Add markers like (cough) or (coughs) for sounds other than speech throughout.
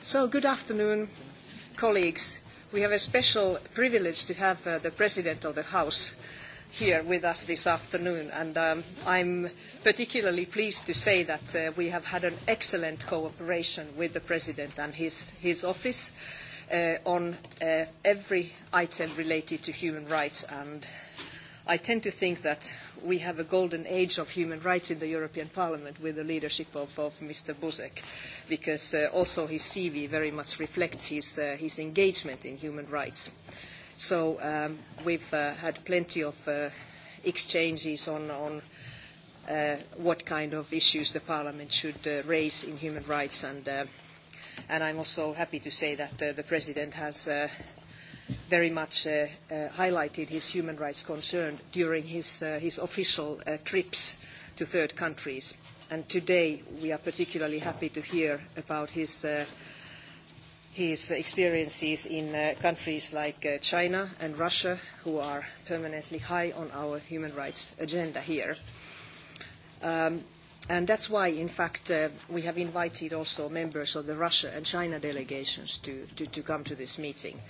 So, good afternoon, colleagues. We have a special privilege to have uh, the President of the House here with us this afternoon, and um, I'm particularly pleased to say that uh, we have had an excellent cooperation with the President and his, his office uh, on uh, every item related to human rights, and I tend to think that we have a golden age of human rights in the European Parliament with the leadership of, of Mr. Buzek because uh, also his CV very much reflects his, uh, his engagement in human rights. So um, we've uh, had plenty of uh, exchanges on, on uh, what kind of issues the Parliament should uh, raise in human rights, and, uh, and I'm also happy to say that uh, the President has uh, very much uh, uh, highlighted his human rights concern during his, uh, his official uh, trips to third countries. Uh, and today we are particularly happy to hear about his, uh, his experiences in uh, countries like uh, China and Russia, who are permanently high on our human rights agenda here. Um, and that's why, in fact, uh, we have invited also members of the Russia and China delegations to, to, to come to this meeting.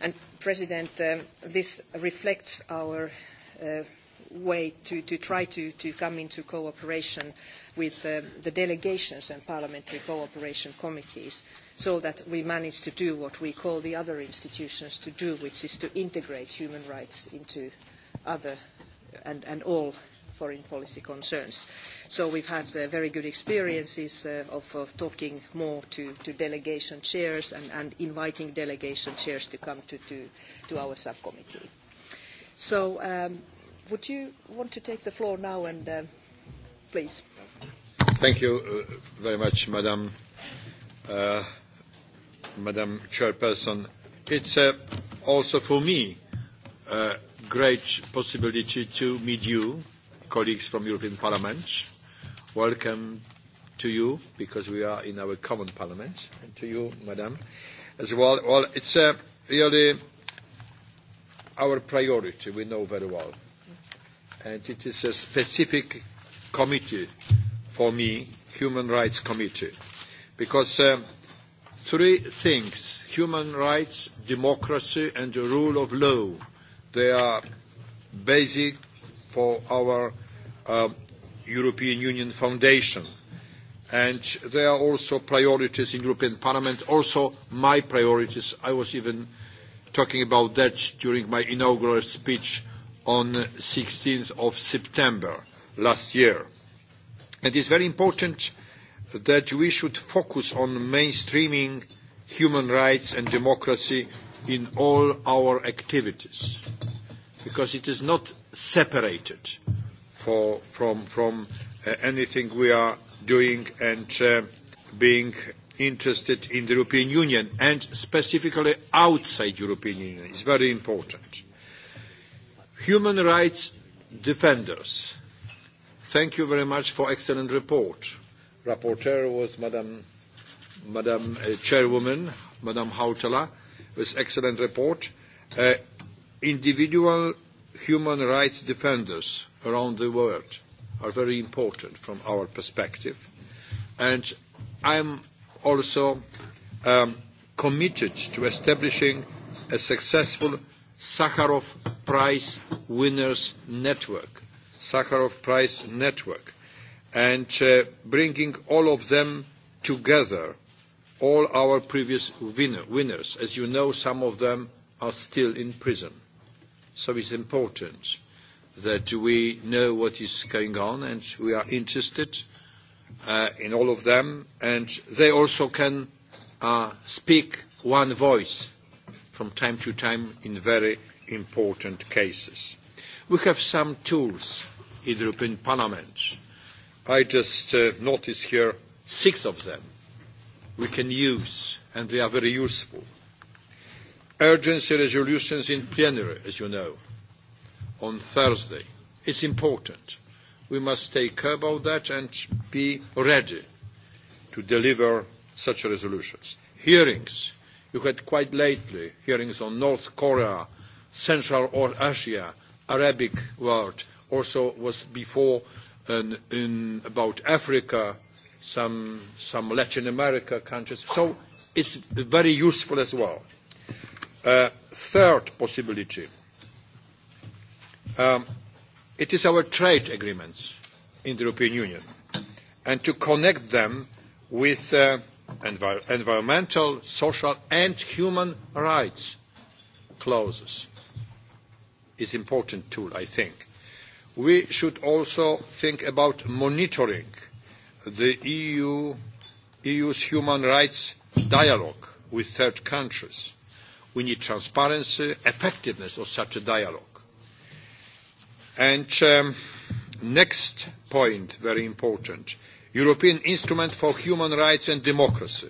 And, President, um, this reflects our uh, way to, to try to, to come into cooperation with uh, the delegations and parliamentary cooperation committees so that we manage to do what we call the other institutions to do, which is to integrate human rights into other and, and all foreign policy concerns. So we've had uh, very good experiences uh, of, of talking more to, to delegation chairs and, and inviting delegation chairs to come to, to, to our subcommittee. So um, Would you want to take the floor now and uh, please? Thank you uh, very much, Madam, uh, Madam Chairperson. It's uh, also for me a uh, great possibility to meet you, colleagues from European Parliament. Welcome to you, because we are in our common parliament, and to you, Madam, as well. Well, it's uh, really our priority, we know very well and it is a specific committee for me, Human Rights Committee, because um, three things, human rights, democracy, and the rule of law, they are basic for our um, European Union Foundation. And they are also priorities in European Parliament, also my priorities. I was even talking about that during my inaugural speech on 16th of September last year. It is very important that we should focus on mainstreaming human rights and democracy in all our activities, because it is not separated for, from, from uh, anything we are doing and uh, being interested in the European Union, and specifically outside European Union. It's very important. Human rights defenders. Thank you very much for excellent report. Rapporteur was Madam, Madam uh, Chairwoman, Madam Hautala, with excellent report. Uh, individual human rights defenders around the world are very important from our perspective. And I'm also um, committed to establishing a successful Sakharov Prize Winners Network. Sakharov Prize Network. And uh, bringing all of them together, all our previous winner, winners. As you know, some of them are still in prison. So it's important that we know what is going on and we are interested uh, in all of them and they also can uh, speak one voice from time to time in very important cases. We have some tools in the European Parliament. I just uh, notice here six of them we can use, and they are very useful. Urgency resolutions in plenary, as you know, on Thursday. It's important. We must take care about that and be ready to deliver such resolutions. Hearings You had quite lately hearings on North Korea, Central or Asia, Arabic world. Also was before in, in about Africa, some, some Latin America countries. So it's very useful as well. Uh, third possibility. Um, it is our trade agreements in the European Union and to connect them with uh, envir- environmental, social, and human rights clauses is important tool, I think. We should also think about monitoring the EU, EU's human rights dialogue with third countries. We need transparency, effectiveness of such a dialogue. And um, next point, very important, European Instrument for Human Rights and Democracy.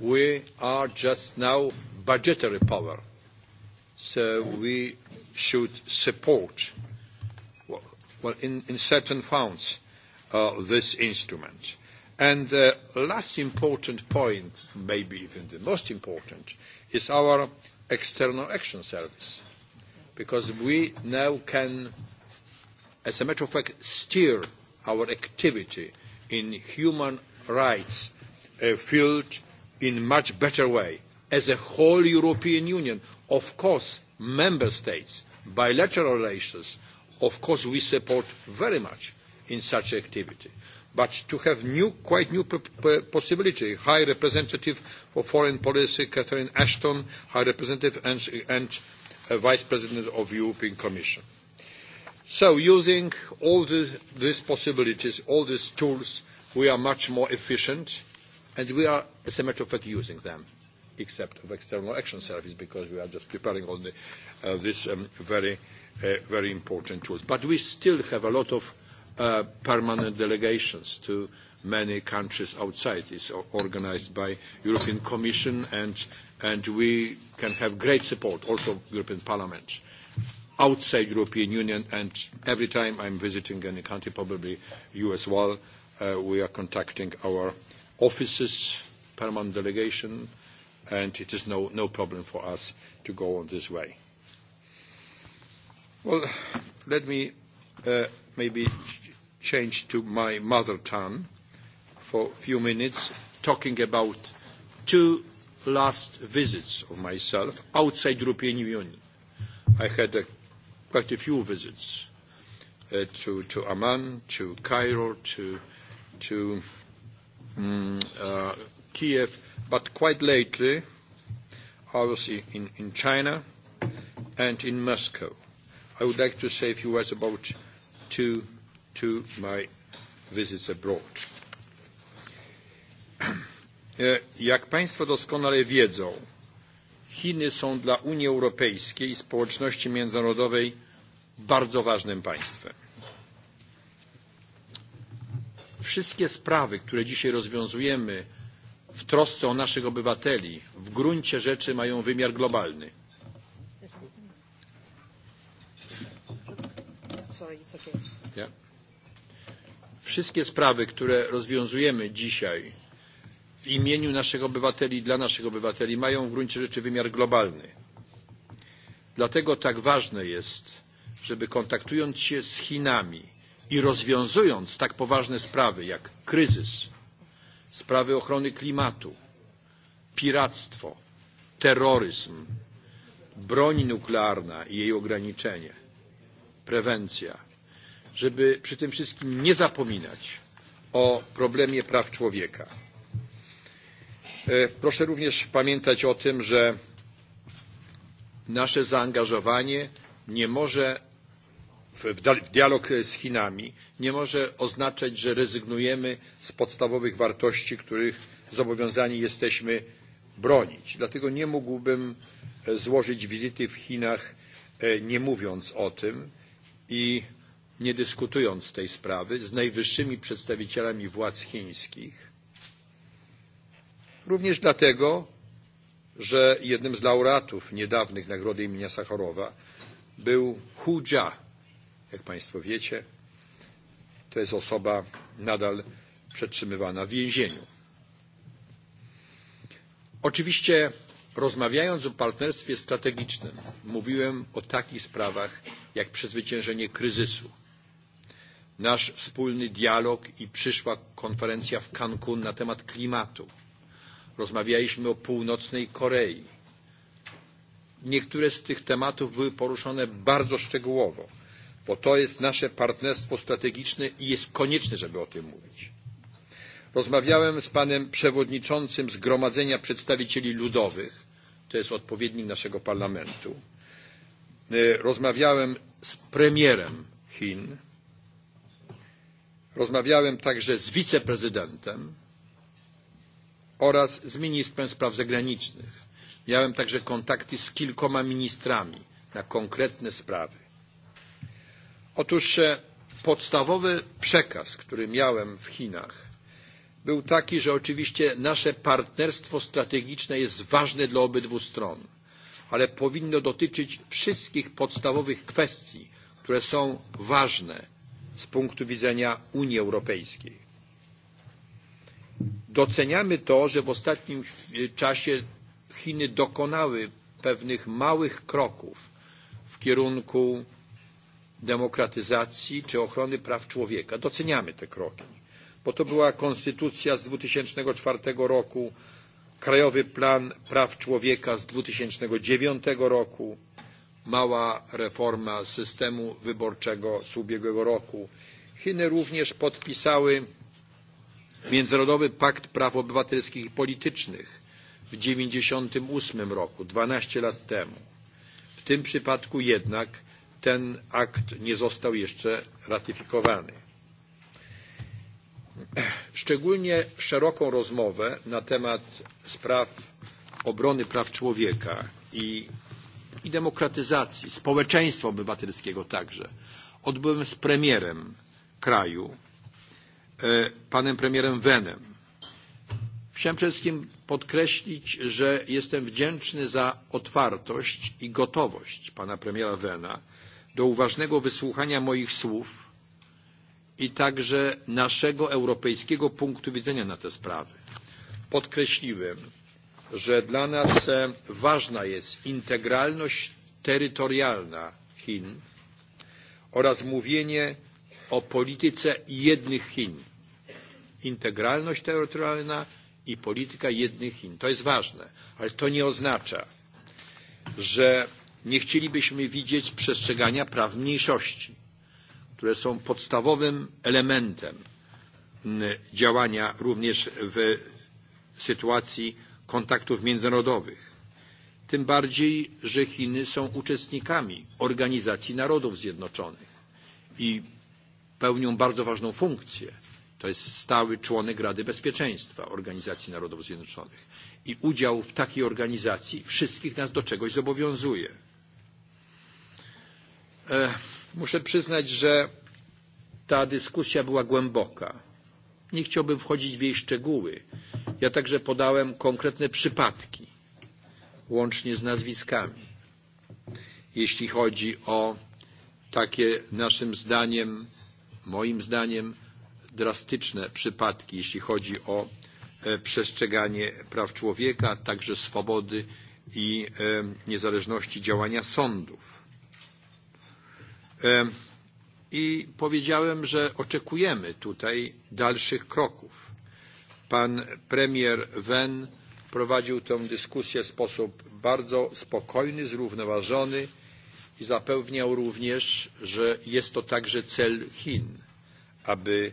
We are just now budgetary power, so we should support, well, in, in certain funds, uh, this instrument. And the uh, last important point, maybe even the most important, is our external action service, because we now can, as a matter of fact, steer our activity in human rights uh, field in much better way as a whole European Union. Of course, member states, bilateral relations, of course we support very much in such activity. But to have new, quite new possibility, High Representative for Foreign Policy, Catherine Ashton, High Representative and, and uh, Vice President of the European Commission. So using all the, these possibilities, all these tools, we are much more efficient, and we are, as a matter of fact, using them, except of external action service, because we are just preparing all the, uh, these um, very, uh, very important tools. But we still have a lot of uh, permanent delegations to many countries outside. It's organized by European Commission, and, and we can have great support, also European Parliament. Uh, outside European Union, and every time I'm visiting any country, probably you as well, uh, we are contacting our offices, permanent delegation, and it is no, no problem for us to go on this way. Well, let me uh, maybe change to my mother tongue for a few minutes, talking about two last visits of myself outside European Union. I had a quite a few visits uh, to, to Amman, to Cairo, to, to um, uh, Kiev, but quite lately I was in, in China and in Moscow. I would like to say a few words about two, two my visits abroad. (clears throat) Uh, jak Państwo doskonale wiedzą, Chiny są dla Unii Europejskiej i społeczności międzynarodowej bardzo ważnym państwem. Wszystkie sprawy, które dzisiaj rozwiązujemy w trosce o naszych obywateli, w gruncie rzeczy mają wymiar globalny. Wszystkie sprawy, które rozwiązujemy dzisiaj w imieniu naszych obywateli, dla naszych obywateli, mają w gruncie rzeczy wymiar globalny. Dlatego tak ważne jest, żeby kontaktując się z Chinami i rozwiązując tak poważne sprawy jak kryzys, sprawy ochrony klimatu, piractwo, terroryzm, broń nuklearna i jej ograniczenie, prewencja, żeby przy tym wszystkim nie zapominać o problemie praw człowieka E, proszę również pamiętać o tym, że nasze zaangażowanie nie może w dialog z Chinami nie może oznaczać, że rezygnujemy z podstawowych wartości, których zobowiązani jesteśmy bronić. Dlatego nie mógłbym e, złożyć wizyty w Chinach e, nie mówiąc o tym i nie dyskutując tej sprawy z najwyższymi przedstawicielami władz chińskich, Również dlatego, że jednym z laureatów niedawnych Nagrody imienia Sacharowa był Hu Jia. Jak Państwo wiecie, to jest osoba nadal przetrzymywana w więzieniu. Oczywiście rozmawiając o partnerstwie strategicznym mówiłem o takich sprawach jak przezwyciężenie kryzysu, nasz wspólny dialog i przyszła konferencja w Cancun na temat klimatu – Rozmawialiśmy o północnej Korei. Niektóre z tych tematów były poruszone bardzo szczegółowo, bo to jest nasze partnerstwo strategiczne i jest konieczne, żeby o tym mówić. Rozmawiałem z panem przewodniczącym Zgromadzenia Przedstawicieli Ludowych, to jest odpowiednik naszego parlamentu. E, rozmawiałem z premierem Chin. Rozmawiałem także z wiceprezydentem oraz z ministrem spraw zagranicznych. Miałem także kontakty z kilkoma ministrami na konkretne sprawy. Otóż e, podstawowy przekaz, który miałem w Chinach, był taki, że oczywiście nasze partnerstwo strategiczne jest ważne dla obydwu stron, ale powinno dotyczyć wszystkich podstawowych kwestii, które są ważne z punktu widzenia Unii Europejskiej. Doceniamy to, że w ostatnim czasie Chiny dokonały pewnych małych kroków w kierunku demokratyzacji czy ochrony praw człowieka. Doceniamy te kroki, bo to była konstytucja z 2004 roku, Krajowy Plan Praw Człowieka z 2009 roku, mała reforma systemu wyborczego z ubiegłego roku. Chiny również podpisały Międzynarodowy Pakt Praw Obywatelskich i Politycznych w 1998 roku, 12 lat temu. W tym przypadku jednak ten akt nie został jeszcze ratyfikowany. Szczególnie szeroką rozmowę na temat spraw obrony praw człowieka i, i demokratyzacji, społeczeństwa obywatelskiego także, odbyłem z premierem kraju, E, panem premierem Wenem. Chciałem przede wszystkim podkreślić, że jestem wdzięczny za otwartość i gotowość pana premiera Wena do uważnego wysłuchania moich słów i także naszego europejskiego punktu widzenia na te sprawy. Podkreśliłem, że dla nas e, ważna jest integralność terytorialna Chin oraz mówienie o polityce jednych Chin integralność terytorialna i polityka jednych Chin. To jest ważne, ale to nie oznacza, że nie chcielibyśmy widzieć przestrzegania praw mniejszości, które są podstawowym elementem mm, działania również w sytuacji kontaktów międzynarodowych. Tym bardziej, że Chiny są uczestnikami Organizacji Narodów Zjednoczonych i pełnią bardzo ważną funkcję To jest stały członek Rady Bezpieczeństwa Organizacji Narodów Zjednoczonych. I udział w takiej organizacji wszystkich nas do czegoś zobowiązuje. E, muszę przyznać, że ta dyskusja była głęboka. Nie chciałbym wchodzić w jej szczegóły. Ja także podałem konkretne przypadki, łącznie z nazwiskami, jeśli chodzi o takie naszym zdaniem, moim zdaniem, drastyczne przypadki, jeśli chodzi o e, przestrzeganie praw człowieka, także swobody i e, niezależności działania sądów. E, I powiedziałem, że oczekujemy tutaj dalszych kroków. Pan premier Wen prowadził tę dyskusję w sposób bardzo spokojny, zrównoważony i zapewniał również, że jest to także cel Chin, aby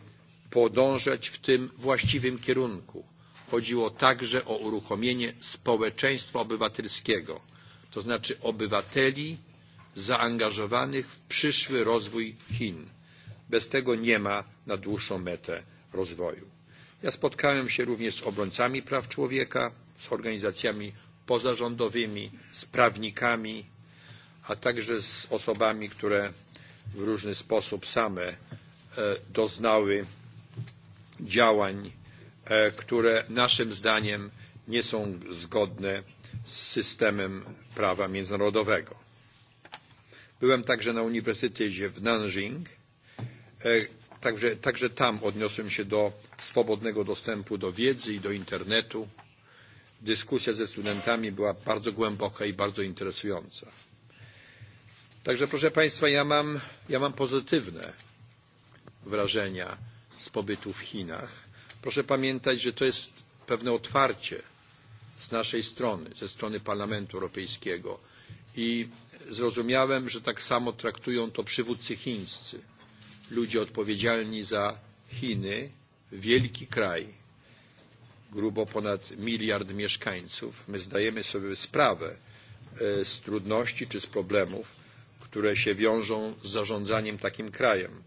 podążać w tym właściwym kierunku. Chodziło także o uruchomienie społeczeństwa obywatelskiego, to znaczy obywateli zaangażowanych w przyszły rozwój Chin. Bez tego nie ma na dłuższą metę rozwoju. Ja spotkałem się również z obrońcami praw człowieka, z organizacjami pozarządowymi, z prawnikami, a także z osobami, które w różny sposób same e, doznały działań, e, które naszym zdaniem nie są zgodne z systemem prawa międzynarodowego. Byłem także na Uniwersytecie w Nanjing, e, także, także tam odniosłem się do swobodnego dostępu do wiedzy i do internetu. Dyskusja ze studentami była bardzo głęboka i bardzo interesująca. Także proszę Państwa, ja mam, ja mam pozytywne wrażenia z pobytu w Chinach. Proszę pamiętać, że to jest pewne otwarcie z naszej strony, ze strony Parlamentu Europejskiego i zrozumiałem, że tak samo traktują to przywódcy chińscy, ludzie odpowiedzialni za Chiny, wielki kraj, grubo ponad miliard mieszkańców. My zdajemy sobie sprawę e, z trudności czy z problemów, które się wiążą z zarządzaniem takim krajem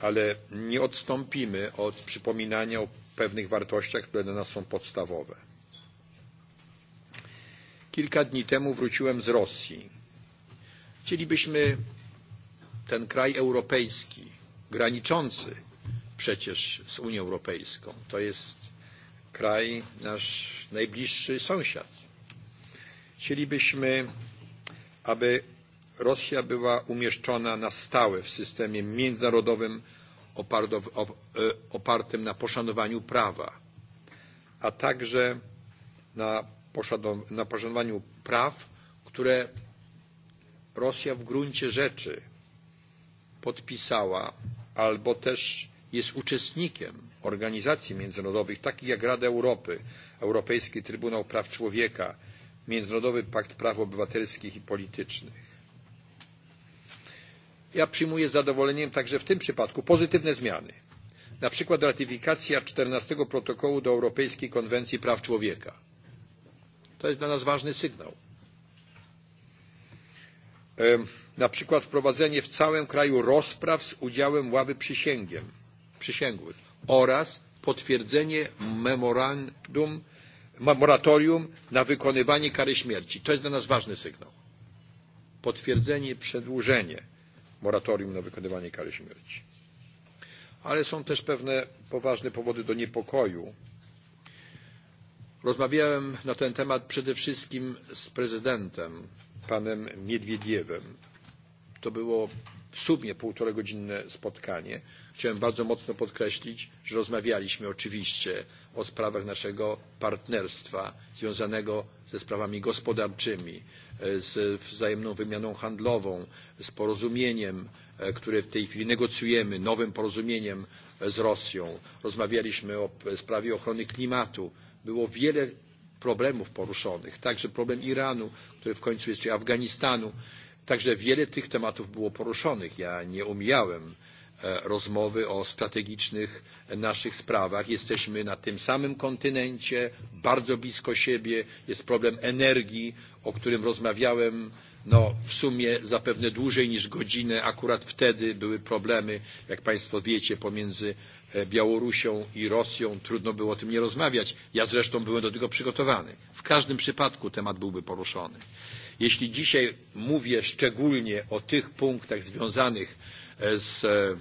ale nie odstąpimy od przypominania o pewnych wartościach, które dla nas są podstawowe. Kilka dni temu wróciłem z Rosji. Chcielibyśmy ten kraj europejski, graniczący przecież z Unią Europejską, to jest kraj nasz najbliższy sąsiad. Chcielibyśmy, aby Rosja była umieszczona na stałe w systemie międzynarodowym e, opartym na poszanowaniu prawa, a także na, poszanow na poszanowaniu praw, które Rosja w gruncie rzeczy podpisała albo też jest uczestnikiem organizacji międzynarodowych, takich jak Rada Europy, Europejski Trybunał Praw Człowieka, Międzynarodowy Pakt Praw Obywatelskich i Politycznych. Ja przyjmuję z zadowoleniem także w tym przypadku pozytywne zmiany, na przykład ratyfikacja 14 protokołu do Europejskiej Konwencji Praw Człowieka. To jest dla nas ważny sygnał. Na przykład wprowadzenie w całym kraju rozpraw z udziałem ławy przysięgiem, przysięgłych oraz potwierdzenie memorandum, moratorium na wykonywanie kary śmierci. To jest dla nas ważny sygnał. Potwierdzenie, przedłużenie moratorium na wykonywanie kary śmierci. Ale są też pewne poważne powody do niepokoju. Rozmawiałem na ten temat przede wszystkim z prezydentem, panem Miedwiediewem. To było w sumie półtoregodzinne spotkanie. Chciałem bardzo mocno podkreślić, że rozmawialiśmy oczywiście o sprawach naszego partnerstwa związanego ze sprawami gospodarczymi, e, z wzajemną wymianą handlową, z porozumieniem, e, które w tej chwili negocjujemy, nowym porozumieniem e, z Rosją. Rozmawialiśmy o sprawie ochrony klimatu. Było wiele problemów poruszonych, także problem Iranu, który w końcu jest, czy Afganistanu. Także wiele tych tematów było poruszonych. Ja nie umijałem E, rozmowy o strategicznych naszych sprawach. Jesteśmy na tym samym kontynencie, bardzo blisko siebie. Jest problem energii, o którym rozmawiałem no, w sumie zapewne dłużej niż godzinę. Akurat wtedy były problemy, jak Państwo wiecie, pomiędzy e, Białorusią i Rosją. Trudno było o tym nie rozmawiać. Ja zresztą byłem do tego przygotowany. W każdym przypadku temat byłby poruszony. Jeśli dzisiaj mówię szczególnie o tych punktach związanych z e,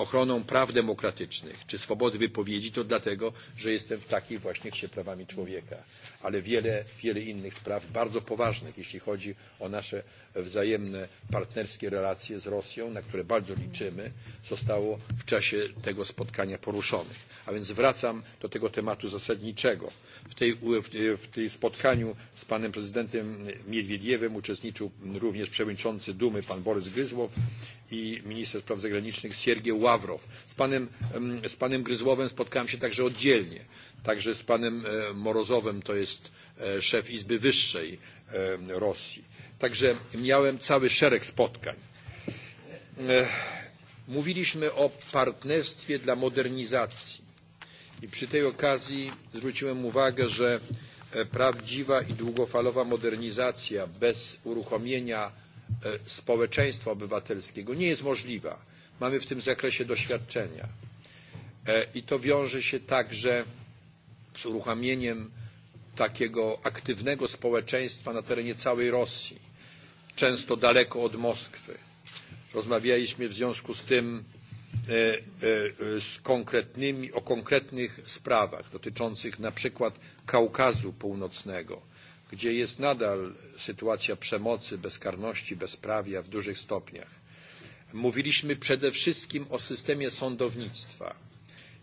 ochroną praw demokratycznych czy swobody wypowiedzi, to dlatego, że jestem w takiej właśnie się prawami człowieka ale wiele, wiele innych spraw bardzo poważnych, jeśli chodzi o nasze wzajemne partnerskie relacje z Rosją, na które bardzo liczymy, zostało w czasie tego spotkania poruszonych. A więc wracam do tego tematu zasadniczego. W, tej, w, w tej spotkaniu z panem prezydentem Miedwiediewem uczestniczył również przewodniczący Dumy pan Borys Gryzłow i minister spraw zagranicznych Siergiej Ławrow. Z panem, z panem Gryzłowem spotkałem się także oddzielnie. Także z panem e, Morozowem, to jest e, szef Izby Wyższej e, Rosji. Także miałem cały szereg spotkań. Mówiliśmy o partnerstwie dla modernizacji i przy tej okazji zwróciłem uwagę, że prawdziwa i długofalowa modernizacja bez uruchomienia społeczeństwa obywatelskiego nie jest możliwa. Mamy w tym zakresie doświadczenia. I to wiąże się także z uruchamieniem takiego aktywnego społeczeństwa na terenie całej Rosji, często daleko od Moskwy. Rozmawialiśmy w związku z tym e, e, z konkretnymi, o konkretnych sprawach dotyczących na przykład Kaukazu Północnego, gdzie jest nadal sytuacja przemocy, bezkarności, bezprawia w dużych stopniach. Mówiliśmy przede wszystkim o systemie sądownictwa,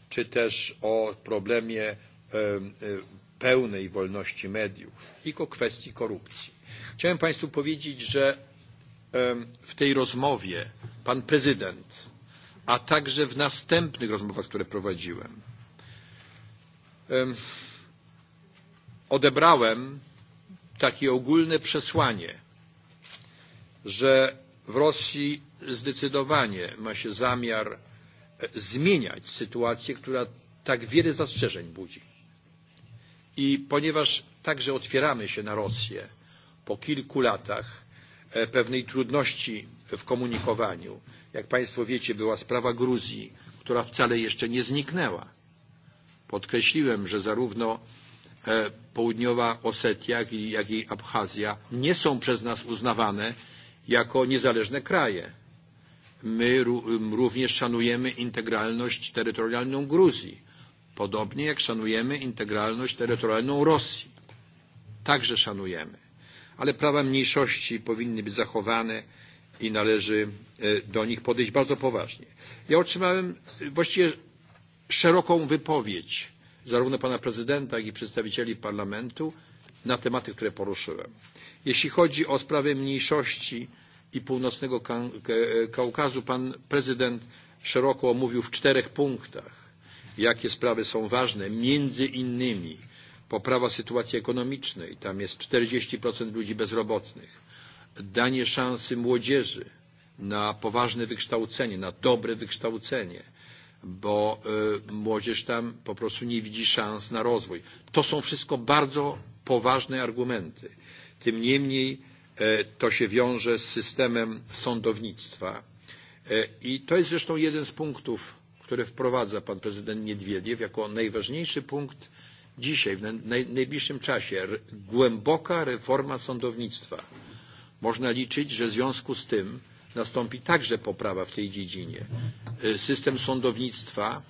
czy też o problemie E, e, pełnej wolności mediów i o kwestii korupcji. Chciałem Państwu powiedzieć, że e, w tej rozmowie pan prezydent, a także w następnych rozmowach, które prowadziłem, odebrałem takie ogólne przesłanie, że w Rosji zdecydowanie ma się zamiar zmieniać sytuację, która tak wiele zastrzeżeń budzi. I ponieważ także otwieramy się na Rosję po kilku latach e, pewnej trudności w komunikowaniu, jak Państwo wiecie, była sprawa Gruzji, która wcale jeszcze nie zniknęła. Podkreśliłem, że zarówno e, południowa Osetia, jak i Abchazja nie są przez nas uznawane jako niezależne kraje. My również szanujemy integralność terytorialną Gruzji Podobnie jak szanujemy integralność terytorialną Rosji. Także szanujemy. Ale prawa mniejszości powinny być zachowane i należy e, do nich podejść bardzo poważnie. Ja otrzymałem e, właściwie szeroką wypowiedź zarówno pana prezydenta, jak i przedstawicieli parlamentu na tematy, które poruszyłem. Jeśli chodzi o sprawę mniejszości i północnego Kaukazu, pan prezydent szeroko omówił w czterech punktach jakie sprawy są ważne, między innymi poprawa sytuacji ekonomicznej, tam jest 40% ludzi bezrobotnych, danie szansy młodzieży na poważne wykształcenie, na dobre wykształcenie, bo y, młodzież tam po prostu nie widzi szans na rozwój. To są wszystko bardzo poważne argumenty. Tym niemniej y, to się wiąże z systemem sądownictwa. Y, I to jest zresztą jeden z punktów które wprowadza pan prezydent Niedwiediew jako najważniejszy punkt dzisiaj, w naj, najbliższym czasie. Głęboka reforma sądownictwa. Można liczyć, że w związku z tym nastąpi także poprawa w tej dziedzinie. System sądownictwa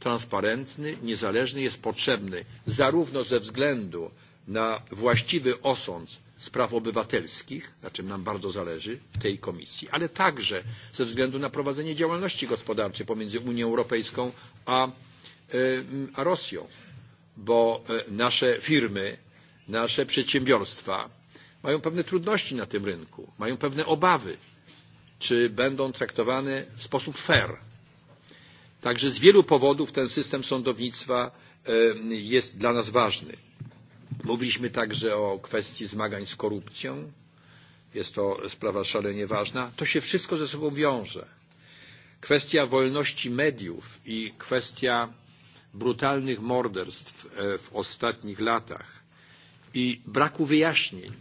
transparentny, niezależny jest potrzebny zarówno ze względu na właściwy osąd Spraw Obywatelskich, na czym nam bardzo zależy, tej komisji, ale także ze względu na prowadzenie działalności gospodarczej pomiędzy Unią Europejską a, a Rosją, bo e, nasze firmy, nasze przedsiębiorstwa mają pewne trudności na tym rynku, mają pewne obawy, czy będą traktowane w sposób fair. Także z wielu powodów ten system sądownictwa jest dla nas ważny Mówiliśmy także o kwestii zmagań z korupcją. Jest to sprawa szalenie ważna. To się wszystko ze sobą wiąże. Kwestia wolności mediów i kwestia brutalnych morderstw e, w ostatnich latach i braku wyjaśnień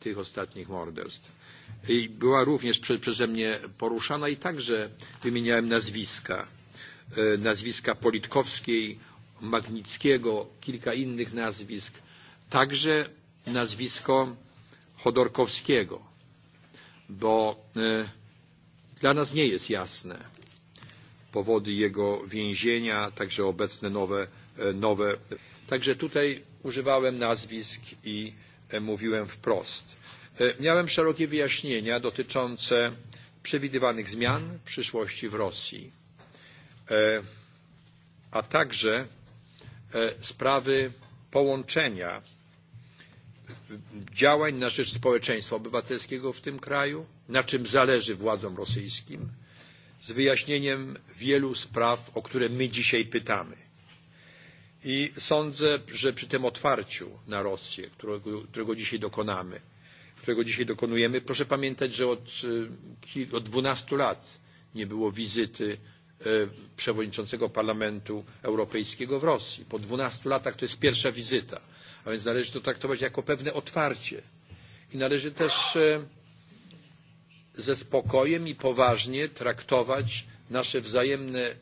tych ostatnich morderstw I była również prze, przeze mnie poruszana i także wymieniałem nazwiska. E, nazwiska Politkowskiej, Magnickiego, kilka innych nazwisk, także nazwisko Chodorkowskiego, bo e, dla nas nie jest jasne powody jego więzienia, także obecne nowe, e, nowe. Także tutaj używałem nazwisk i e, mówiłem wprost. Miałem szerokie wyjaśnienia dotyczące przewidywanych zmian w przyszłości w Rosji, a także E, sprawy połączenia działań na rzecz społeczeństwa obywatelskiego w tym kraju, na czym zależy władzom rosyjskim, z wyjaśnieniem wielu spraw, o które my dzisiaj pytamy. I sądzę, że przy tym otwarciu na Rosję, którego, którego dzisiaj dokonamy, którego dzisiaj dokonujemy, proszę pamiętać, że od, e, od 12 lat nie było wizyty E, przewodniczącego Parlamentu Europejskiego w Rosji. Po 12 latach to jest pierwsza wizyta, a więc należy to traktować jako pewne otwarcie. I należy też e, ze spokojem i poważnie traktować nasze wzajemne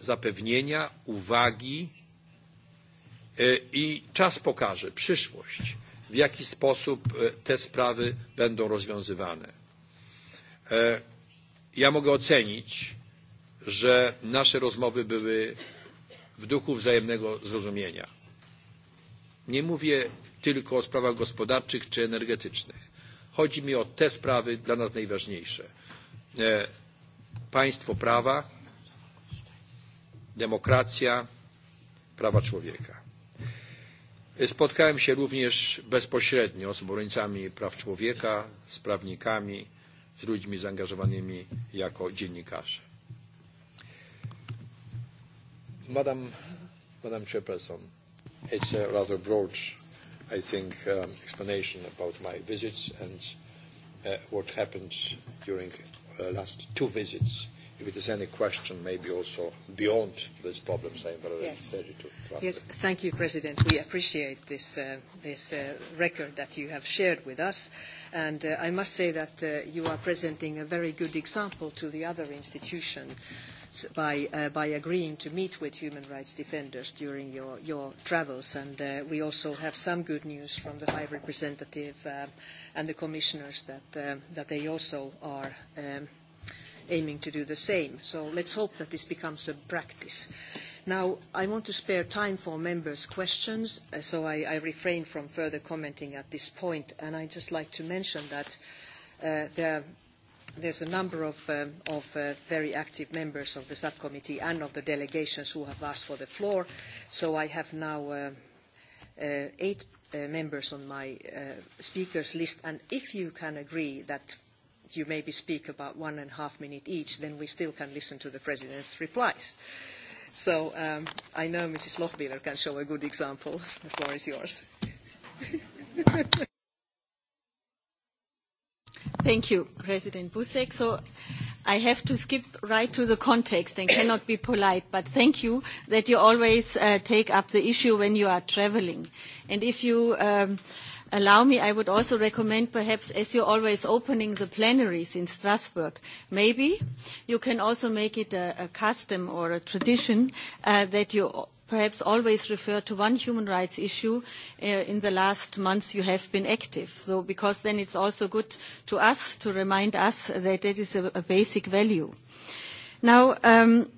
zapewnienia, uwagi e, i czas pokaże, przyszłość, w jaki sposób te sprawy będą rozwiązywane. Ja mogę ocenić, że nasze rozmowy były w duchu wzajemnego zrozumienia. Nie mówię tylko o sprawach gospodarczych czy energetycznych. Chodzi mi o te sprawy dla nas najważniejsze. E, państwo prawa, demokracja, prawa człowieka. E, spotkałem się również bezpośrednio z obrońcami praw człowieka, z prawnikami, z ludźmi zaangażowanymi jako dziennikarze. Madam, Madam Chairperson, it's a rather broad, I think, um, explanation about my visits and uh, what happened during uh, last two visits. If it is any question, maybe also beyond these problems, I'm very yes. ready to, to answer. Yes, thank you, President. We appreciate this, uh, this uh, record that you have shared with us. And uh, I must say that uh, you are presenting a very good example to the other institution. Uh, by, uh, by agreeing to meet with human rights defenders during your, your travels. And uh, we also have some good news from the High Representative uh, and the commissioners that, uh, that they also are um, aiming to do the same. So let's hope that this becomes a practice. Now, I want to spare time for members' questions, uh, so I, I refrain from further commenting at this point. And I'd just like to mention that uh, the there's a number of, um, of uh, very active members of the subcommittee and of the delegations who have asked for the floor. So I have now uh, uh, eight uh, members on my uh, speakers list. And if you can agree that you maybe speak about one and a half minute each, then we still can listen to the President's replies. So um, I know Mrs. Lochbiller can show a good example. (laughs) The floor is yours. (laughs) Thank you, President Busek. So I have to skip right to the context and cannot be polite, but thank you that you always uh, take up the issue when you are traveling. And if you um, allow me, I would also recommend perhaps as you're always opening the plenaries in Strasbourg, maybe you can also make it a, a custom or a tradition uh, that you perhaps always refer to one human rights issue uh, in the last months you have been active. So, because then it's also good to us to remind us that it is a, a basic value. Now, um,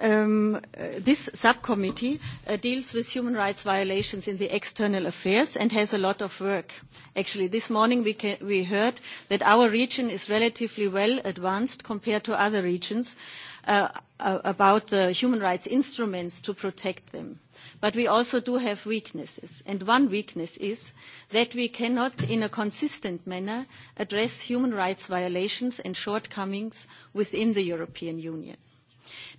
um, uh, this subcommittee uh, deals with human rights violations in the external affairs and has a lot of work. Actually, this morning we, can, we heard that our region is relatively well advanced compared to other regions. Uh, uh, about uh, human rights instruments to protect them. But we also do have weaknesses. And one weakness is that we cannot, in a consistent manner, address human rights violations and shortcomings within the European Union.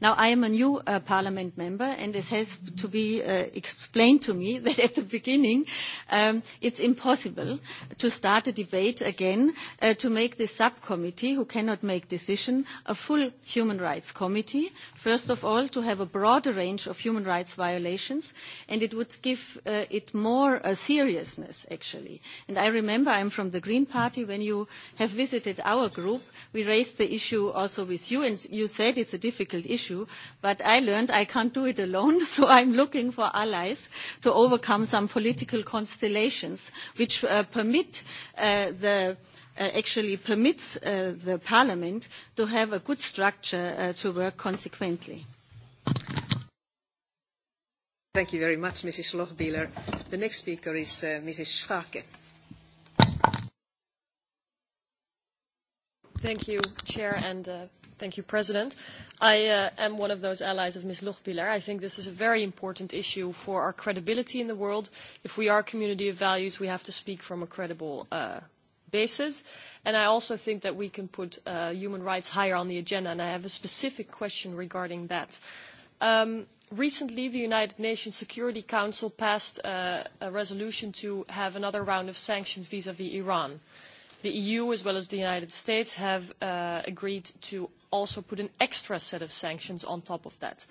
Now, I am a new uh, parliament member, and it has to be uh, explained to me (laughs) that at the beginning um, it's impossible to start a debate again uh, to make this subcommittee, who cannot make decision, a full human rights committee. First of all, to have a broader range of human rights violations, and it would give uh, it more uh, seriousness, actually. And I remember I'm from the Green Party. When you have visited our group, we raised the issue also with you, and you said it's a difficult difficult issue, but I learned I can't do it alone, (laughs) so I'm looking for allies to overcome some political constellations which uh, permit uh, the uh, actually permits uh, the parliament to have a good structure uh, to work consequently. Thank you very much, Mrs. Lochbieler. The next speaker is uh, Mrs. Schake. Thank you, Chair, and uh, Thank you, President. I uh, am one of those allies of Ms. Lochbihler. I think this is a very important issue for our credibility in the world. If we are a community of values, we have to speak from a credible uh, basis. And I also think that we can put uh, human rights higher on the agenda, and I have a specific question regarding that. Um, recently, the United Nations Security Council passed uh, a resolution to have another round of sanctions vis-à-vis -vis Iran. The EU, as well as the United States, have uh, agreed to also put an extra set of sanctions on top of that.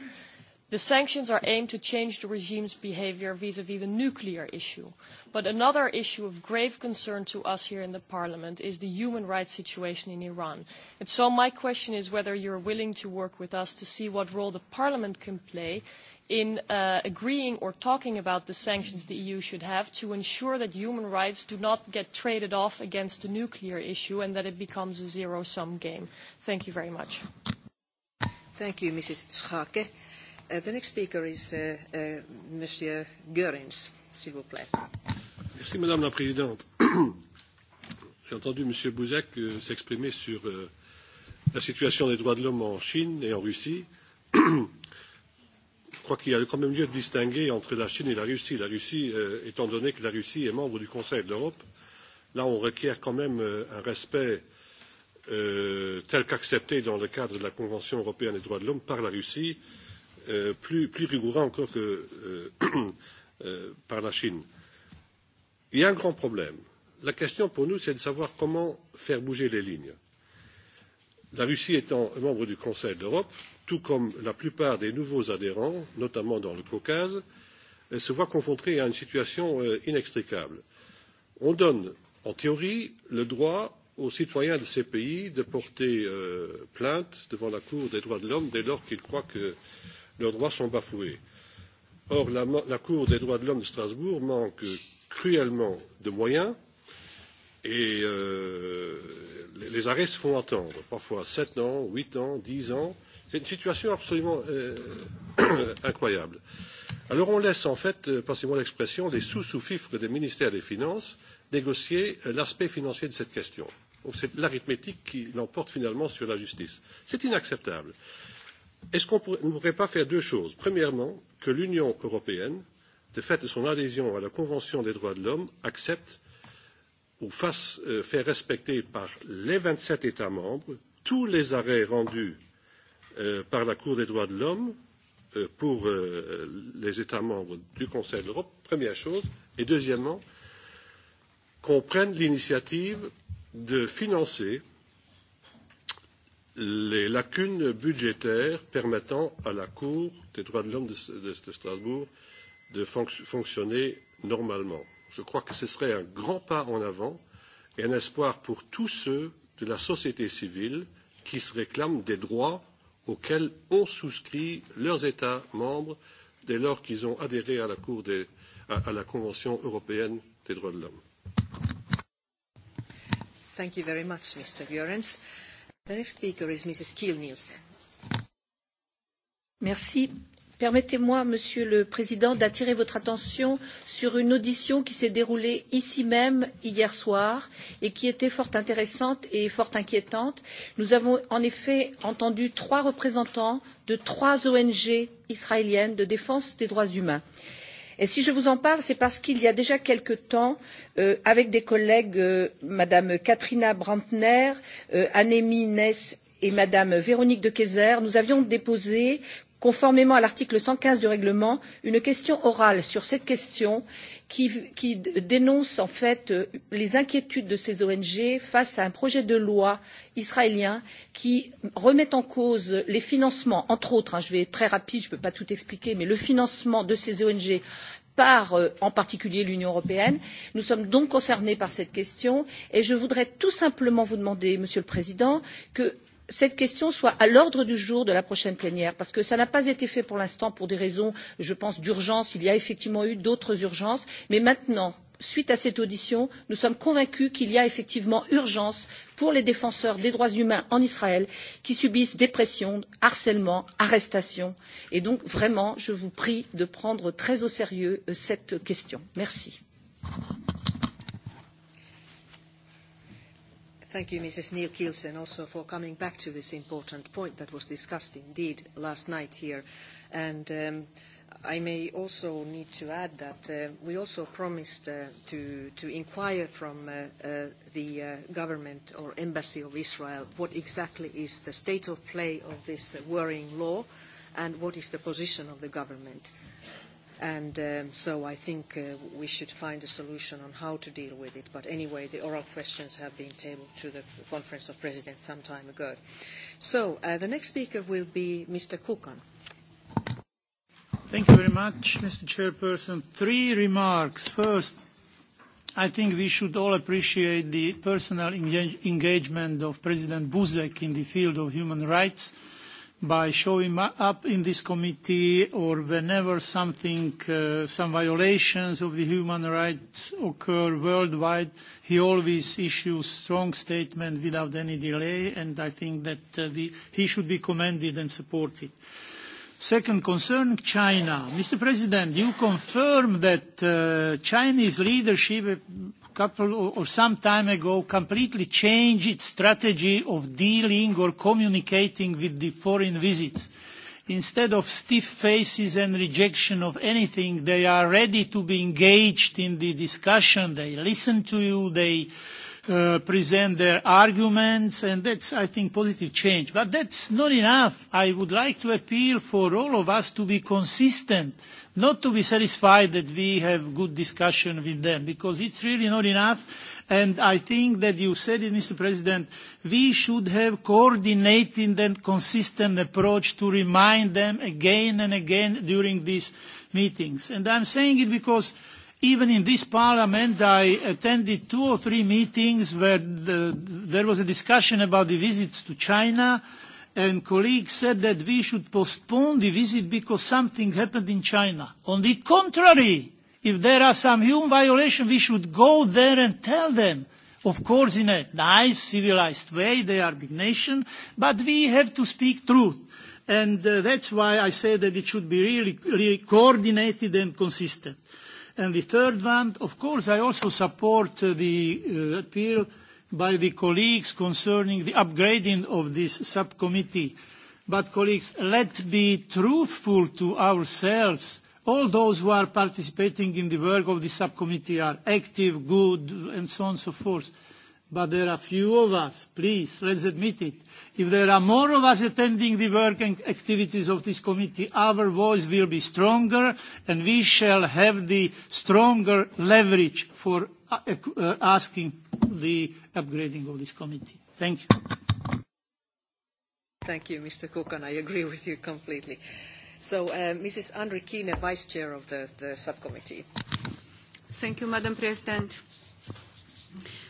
The sanctions are aimed to change the regime's behavior vis-à-vis -vis the nuclear issue. But another issue of grave concern to us here in the parliament is the human rights situation in Iran. And so my question is whether you're willing to work with us to see what role the parliament can play in uh, agreeing or talking about the sanctions the EU should have to ensure that human rights do not get traded off against the nuclear issue and that it becomes a zero-sum game. Thank you very much. Thank you, Mrs. Schaake. Uh, the next speaker is uh, uh, Monsieur Goerens, s'il vous plaît. Merci, Madame la Présidente. (clears throat) J'ai entendu M. Bouzek euh, s'exprimer sur euh, la situation des droits de l'homme en Chine et en Russie. (clears throat) je crois qu'il y a quand même lieu de distinguer entre la Chine et la Russie. La Russie, euh, étant donné que la Russie est membre du Conseil de l'Europe, là on requiert quand même euh, un respect euh, tel qu'accepté dans le cadre de la Convention européenne des droits de l'homme par la Russie, euh, plus, plus rigoureux encore que euh, (coughs) euh, par la Chine. Il y a un grand problème. La question pour nous, c'est de savoir comment faire bouger les lignes la russie étant membre du conseil de l'europe tout comme la plupart des nouveaux adhérents notamment dans le caucase se voit confrontée à une situation euh, inextricable. on donne en théorie le droit aux citoyens de ces pays de porter euh, plainte devant la cour des droits de l'homme dès lors qu'ils croient que leurs droits sont bafoués. or la, la cour des droits de l'homme de strasbourg manque cruellement de moyens Et euh, les arrêts se font attendre, parfois 7 ans, 8 ans, 10 ans. C'est une situation absolument euh, (coughs) incroyable. Alors on laisse en fait, euh, passez-moi l'expression, les sous-sous-fifres des ministères des Finances négocier euh, l'aspect financier de cette question. Donc c'est l'arithmétique qui l'emporte finalement sur la justice. C'est inacceptable. Est-ce qu'on ne pourrait pas faire deux choses Premièrement, que l'Union européenne, de fait de son adhésion à la Convention des droits de l'homme, accepte ou fasse euh, faire respecter par les vingt sept États membres tous les arrêts rendus euh, par la Cour des droits de l'homme euh, pour euh, les États membres du Conseil de l'Europe, première chose, et deuxièmement, qu'on prenne l'initiative de financer les lacunes budgétaires permettant à la Cour des droits de l'homme de, de, de Strasbourg de fonc fonctionner normalement. Je crois que ce serait un grand pas en avant et un espoir pour tous ceux de la société civile qui se réclament des droits auxquels ont souscrit leurs États membres dès lors qu'ils ont adhéré à la, Cour des, à, à la Convention européenne des droits de l'homme. Thank you very much, Mr. Görens. The next speaker is Mrs. Kiel Nielsen. Merci. Permettez-moi, Monsieur le Président, d'attirer votre attention sur une audition qui s'est déroulée ici même hier soir et qui était fort intéressante et fort inquiétante. Nous avons en effet entendu trois représentants de trois ONG israéliennes de défense des droits humains. Et si je vous en parle, c'est parce qu'il y a déjà quelque temps, euh, avec des collègues, euh, Madame Katrina Brandner, euh, Annemie Ness et Madame Véronique de Keyser, nous avions déposé conformément à l'article cent quinze du règlement une question orale sur cette question qui, qui dénonce en fait euh, les inquiétudes de ces ong face à un projet de loi israélien qui remet en cause les financements entre autres hein, je vais être très rapide je ne peux pas tout expliquer mais le financement de ces ong par euh, en particulier l'Union européenne. Nous sommes donc concernés par cette question et je voudrais tout simplement vous demander, Monsieur le Président, que cette question soit à l'ordre du jour de la prochaine plénière parce que cela n'a pas été fait pour l'instant pour des raisons je pense d'urgence il y a effectivement eu d'autres urgences mais maintenant suite à cette audition nous sommes convaincus qu'il y a effectivement urgence pour les défenseurs des droits humains en israël qui subissent des pressions harcèlement arrestations et donc vraiment je vous prie de prendre très au sérieux euh, cette question. merci. applaudissements Thank you, Mrs. Neil Kielsen, also for coming back to this important point that was discussed indeed last night here. And um, I may also need to add that uh, we also promised uh, to, to inquire from uh, uh, the uh, government or embassy of Israel what exactly is the state of play of this worrying law and what is the position of the government. Uh, And um, so I think uh, we should find a solution on how to deal with it. But anyway, the oral questions have been tabled to the Conference of Presidents some time ago. So uh, the next speaker will be Mr. Kukan. Thank you very much, Mr. Chairperson. Three remarks. First, I think we should all appreciate the personal engage engagement of President Buzek in the field of human rights. Uh, by showing up in this committee or whenever something, uh, some violations of the human rights occur worldwide, he always issues strong statement without any delay, and I think that uh, the, he should be commended and supported. Uh, Second, concerning China, Mr. President, you confirm that uh, Chinese leadership a couple or some time ago completely changed its strategy of dealing or communicating with the foreign visits. Instead of stiff faces and rejection of anything, they are ready to be engaged in the discussion. They listen to you. They uh, uh, present their arguments, and that's, I think, positive change. But that's not enough. I would like to appeal for all of us to be consistent, not to be satisfied that we have good discussion with them, because it's really not enough. And I think that you said it, Mr. President, we should have coordinated and consistent approach to remind them again and again during these meetings. And I'm saying it because uh, even in this parliament, I attended two or three meetings where the, there was a discussion about the visits to China, and colleagues said that we should postpone the visit because something happened in China. On the contrary, if there are some human violations, we should go there and tell them. Of course, in a nice, civilized way, they are a big nation, but we have to speak truth. And uh, that's why I say that it should be really, really coordinated and consistent. And the third one, of course, I also support uh, the uh, appeal by the colleagues concerning the upgrading of this subcommittee. But colleagues, let's be truthful to ourselves. All those who are participating in the work of the subcommittee are active, good, and so on and so forth but there are few of us. Please, let's admit it. If there are more of us attending the work and activities of this committee, our voice will be stronger and we shall have the stronger leverage for uh, uh, asking the upgrading of this committee. Thank you. Thank you, Mr. Cook, and I agree with you completely. So, uh, Mrs. Andrikine, Vice Chair of the, the subcommittee. Thank you, Madam President. Uh,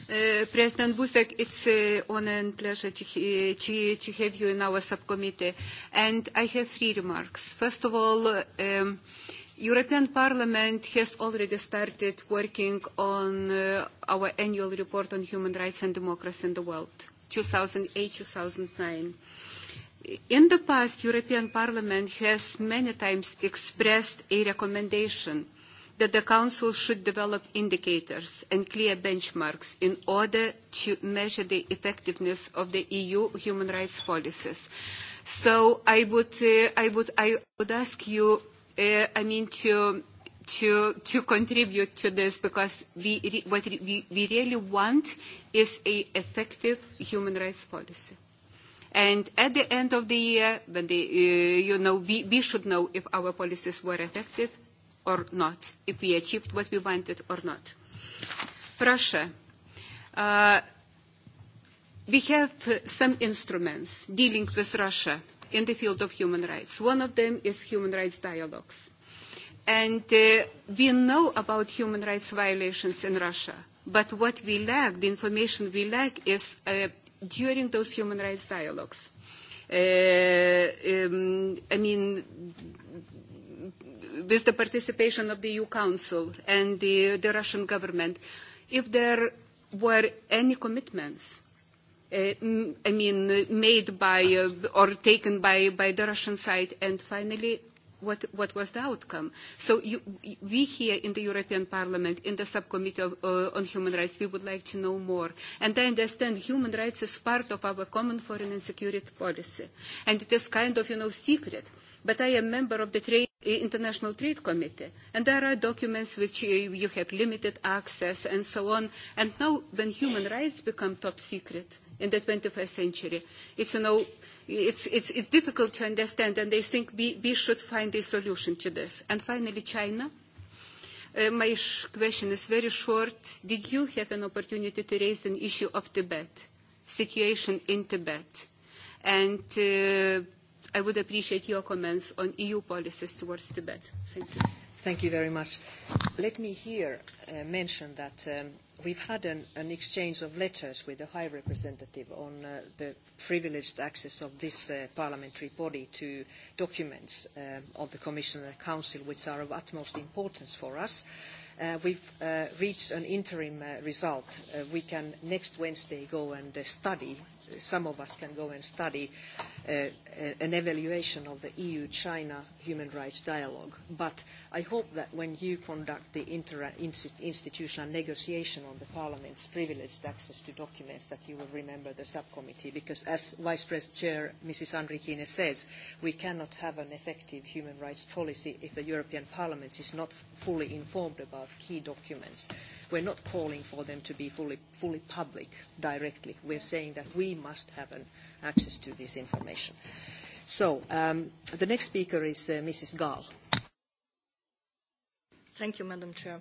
Uh, e, President Busek, it's uh, e, honor and pleasure to, to, to have you in our subcommittee. And I have three remarks. First of all, um, European Parliament has already started working on uh, our annual report on human rights and democracy in the world, 2008-2009. In the past, European Parliament has many times expressed a recommendation that the Council should develop indicators and clear benchmarks in order to measure the effectiveness of the EU human rights policies. So I would, uh, I would, I would ask you, uh, I mean, to to to contribute to this because we re, what we, we really want is a effective human rights policy. And at the end of the year, when the, uh, you know, we, we should know if our policies were effective or not, if we achieved what we wanted or not. Russia. Uh, we have some instruments dealing with Russia in the field of human rights. One of them is human rights dialogues. And uh, we know about human rights violations in Russia, but what we lack, the information we lack, is uh, during those human rights dialogues. Uh, um, I mean, with the participation of the EU Council and the, the Russian government, if there were any commitments, uh, I mean, uh, made by uh, or taken by, by the Russian side, and finally, what, what was the outcome? So you, we here in the European Parliament, in the subcommittee of, uh, on human rights, we would like to know more. And I understand human rights is part of our common foreign and security policy, and it is kind of, you know, secret. But I am member of the trade. International Trade Committee. And there are documents which you, uh, you have limited access and so on. And now when human rights become top secret in the 21st century, it's, you know, it's, it's, it's difficult to understand. And I think we, we should find a solution to this. And finally, China. Uh, my sh- question is very short. Did you have an opportunity to raise an issue of Tibet, situation in Tibet? And uh, I would appreciate your comments on EU policies towards Tibet. Thank you. Thank you very much. Let me here uh, mention that um, we've had an, an exchange of letters with the High Representative on uh, the privileged access of this uh, parliamentary body to documents um, of the Commission and the Council, which are of utmost importance for us. Uh, we've uh, reached an interim uh, result. Uh, we can next Wednesday go and uh, study some of us can go and study uh, an evaluation of the EU-China human rights dialogue. But I hope that when you conduct the inter-institutional negotiation on the Parliament's privileged access to documents that you will remember the subcommittee, because as Vice President Chair Mrs. Andrikine says, we cannot have an effective human rights policy if the European Parliament is not fully informed about key documents. Uh, We're not calling for them to be fully, fully public directly. We're saying that we must have an access to this information. So um, the next speaker is uh, Mrs. Gall. Thank you, Madam Chair.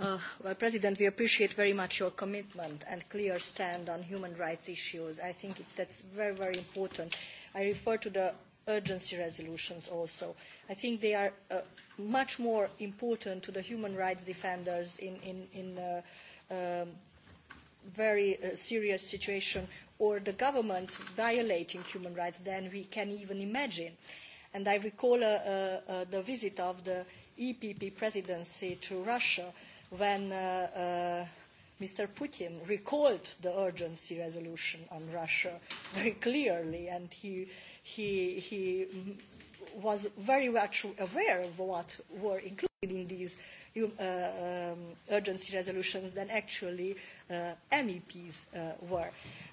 Uh, well, President, we appreciate very much your commitment and clear stand on human rights issues. I think that's very, very important. I refer to the urgency resolutions also. I think they are uh, much more important to the human rights defenders in, in, in uh, um, very uh, serious situation or the governments violating human rights than we can even imagine. And I recall uh, uh, uh, the visit of the EPP presidency to Russia when uh, uh, Mr. Putin recalled the urgency resolution on Russia very clearly and he uh, he, he was very much aware of what were included in these um, uh, um, urgency resolutions than actually uh, MEPs uh, were.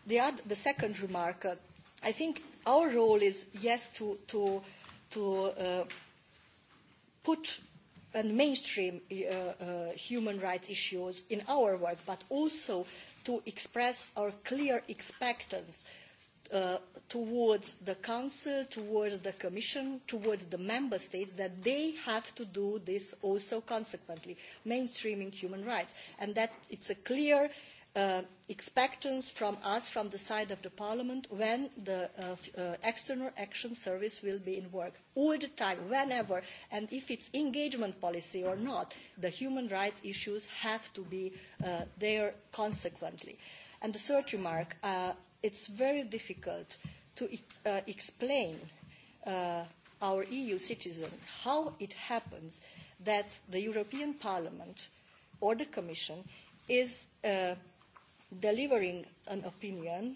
The, ad- the second remark, uh, I think our role is, yes, to, to, to uh, put and mainstream uh, uh, human rights issues in our work, but also to express our clear expectance uh, towards the Council, towards the Commission, towards the Member States, that they have to do this also consequently, mainstreaming human rights. And that it's a clear uh, expectance from us, from the side of the Parliament, when the uh, uh, External Action Service will be in work, all the time, whenever, and if it's engagement policy or not, the human rights issues have to be uh, there consequently. And the third remark, uh, it's very difficult uh, to uh, explain uh, our EU citizen how it happens that the European Parliament or the Commission is uh, delivering an opinion,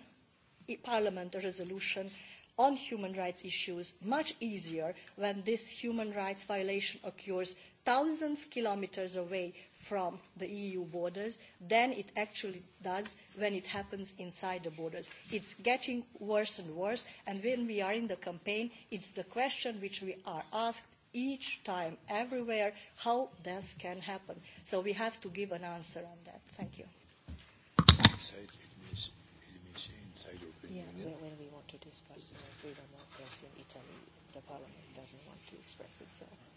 a e, Parliament a resolution on human rights issues much easier when this human rights violation occurs thousands of kilometers away from the EU borders than it actually does when it happens inside the borders. It's getting worse and worse, and when we are in the campaign, it's the question which we are asked each time, everywhere, how this can happen. So we have to give an answer on that. Thank you. Inside, it means, it means inside European yeah, Union. when we want to discuss the freedom of press in Italy, the parliament doesn't want to express itself. So.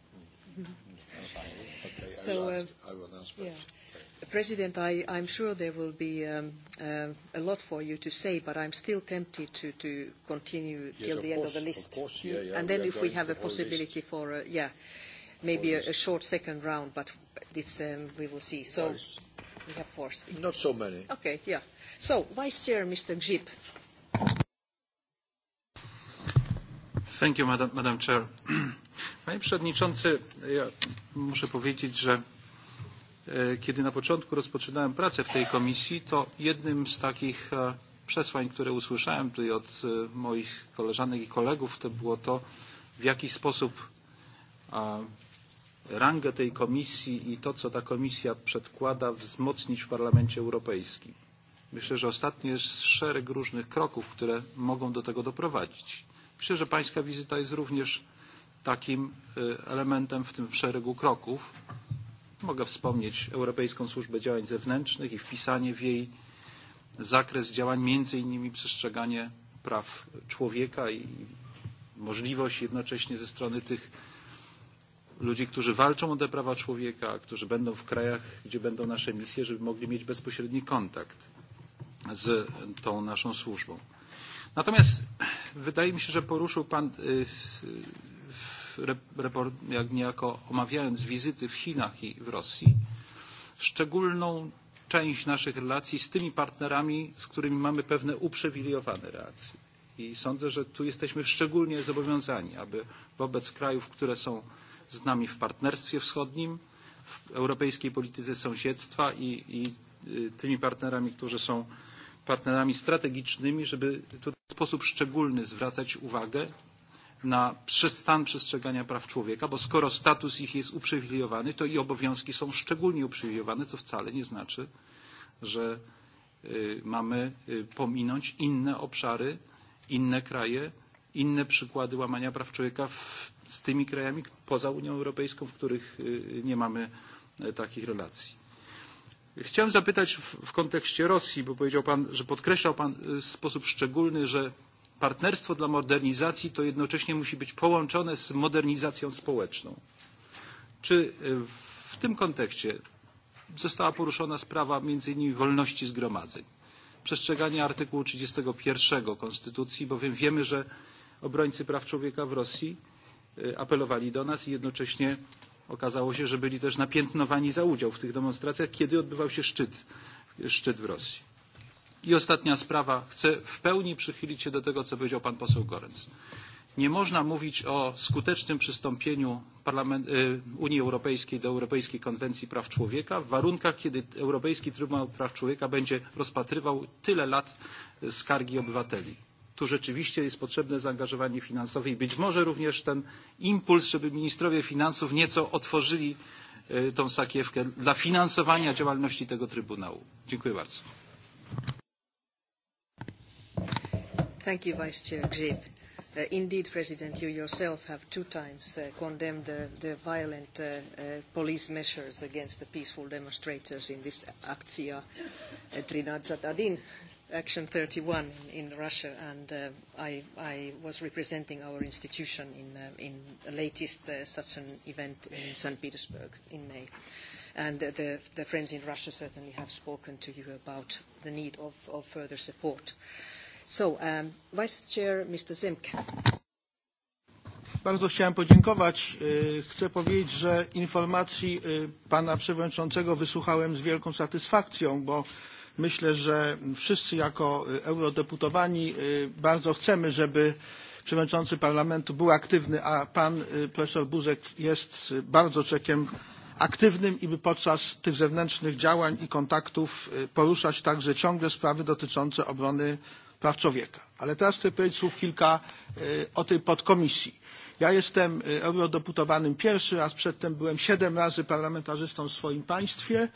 Okay, so, uh, uh, ask, uh, yeah. President, I, I'm sure there will be um, uh, a lot for you to say, but I'm still tempted to, to continue yes, till the course, end of the list. Of course, yeah, yeah, and then we if we have a possibility list. for, uh, yeah, maybe a, a short second round, but it's, um, we will see. So nice. we have force. Not so many. Okay, yeah. So, Vice Chair, Mr. Gzip. Thank you, Madam, Madam Chair. (clears throat) Panie Przewodniczący, ja muszę powiedzieć, że e, kiedy na początku rozpoczynałem pracę w tej komisji, to jednym z takich e, przesłań, które usłyszałem tutaj od e, moich koleżanek i kolegów, to było to, w jaki sposób rangę tej komisji i to, co ta komisja przedkłada, wzmocnić w Parlamencie Europejskim. Myślę, że ostatnio jest szereg różnych kroków, które mogą do tego doprowadzić. Myślę, że pańska wizyta jest również takim e, elementem w tym szeregu kroków. Mogę wspomnieć Europejską Służbę Działań Zewnętrznych i wpisanie w jej zakres działań, między innymi przestrzeganie praw człowieka i możliwość jednocześnie ze strony tych ludzi, którzy walczą o te prawa człowieka, którzy będą w krajach, gdzie będą nasze misje, żeby mogli mieć bezpośredni kontakt z tą naszą służbą. Natomiast wydaje mi się, że poruszył Pan report, jak niejako omawiając wizyty w Chinach i w Rosji, szczególną część naszych relacji z tymi partnerami, z którymi mamy pewne uprzywilejowane relacje. I sądzę, że tu jesteśmy szczególnie zobowiązani, aby wobec krajów, które są z nami w partnerstwie wschodnim, w europejskiej polityce sąsiedztwa i, i tymi partnerami, którzy są partnerami strategicznymi, żeby tutaj w sposób szczególny zwracać uwagę na stan przestrzegania praw człowieka, bo skoro status ich jest uprzywilejowany, to i obowiązki są szczególnie uprzywilejowane, co wcale nie znaczy, że mamy pominąć inne obszary, inne kraje, inne przykłady łamania praw człowieka w, z tymi krajami poza Unią Europejską, w których nie mamy e, takich relacji. Chciałem zapytać w, w kontekście Rosji, bo powiedział Pan, że podkreślał Pan w sposób szczególny, że partnerstwo dla modernizacji to jednocześnie musi być połączone z modernizacją społeczną. Czy w tym kontekście została poruszona sprawa między innymi wolności zgromadzeń, przestrzegania artykułu 31 Konstytucji, bowiem wiemy, że obrońcy praw człowieka w Rosji apelowali do nas i jednocześnie Okazało się, że byli też napiętnowani za udział w tych demonstracjach, kiedy odbywał się szczyt, szczyt w Rosji. I ostatnia sprawa. Chcę w pełni przychylić się do tego, co powiedział pan poseł Gorenc. Nie można mówić o skutecznym przystąpieniu Unii Europejskiej do Europejskiej Konwencji Praw Człowieka w warunkach, kiedy Europejski Trybunał Praw Człowieka będzie rozpatrywał tyle lat skargi obywateli tu rzeczywiście jest potrzebne zaangażowanie finansowe i być może również ten impuls, żeby ministrowie finansów nieco otworzyli e, tą sakiewkę dla finansowania działalności tego Trybunału. Dziękuję bardzo. Thank you, Vice Chair Grzyb. Uh, indeed, President, you yourself have two times uh, condemned the, the violent uh, uh, police measures against the peaceful demonstrators in this Akcija uh, Trinadzatadin Action 31 in, in Russia, and uh, I, I was representing our institution in, uh, in the latest uh, such an event in St. Petersburg in May. And uh, the, the friends in Russia certainly have spoken to you about the need of, of further support. So, um, Vice Chair, Mr. Zemke. Bardzo chciałem podziękować. E, chcę powiedzieć, że informacji e, pana przewodniczącego wysłuchałem z wielką satysfakcją, bo Myślę, że wszyscy jako eurodeputowani bardzo chcemy, żeby przewodniczący parlamentu był aktywny, a pan profesor Buzek jest bardzo czekiem aktywnym i by podczas tych zewnętrznych działań i kontaktów poruszać także ciągle sprawy dotyczące obrony praw człowieka. Ale teraz chcę powiedzieć słów kilka o tej podkomisji. Ja jestem eurodeputowanym pierwszy raz, przedtem byłem siedem razy parlamentarzystą w swoim państwie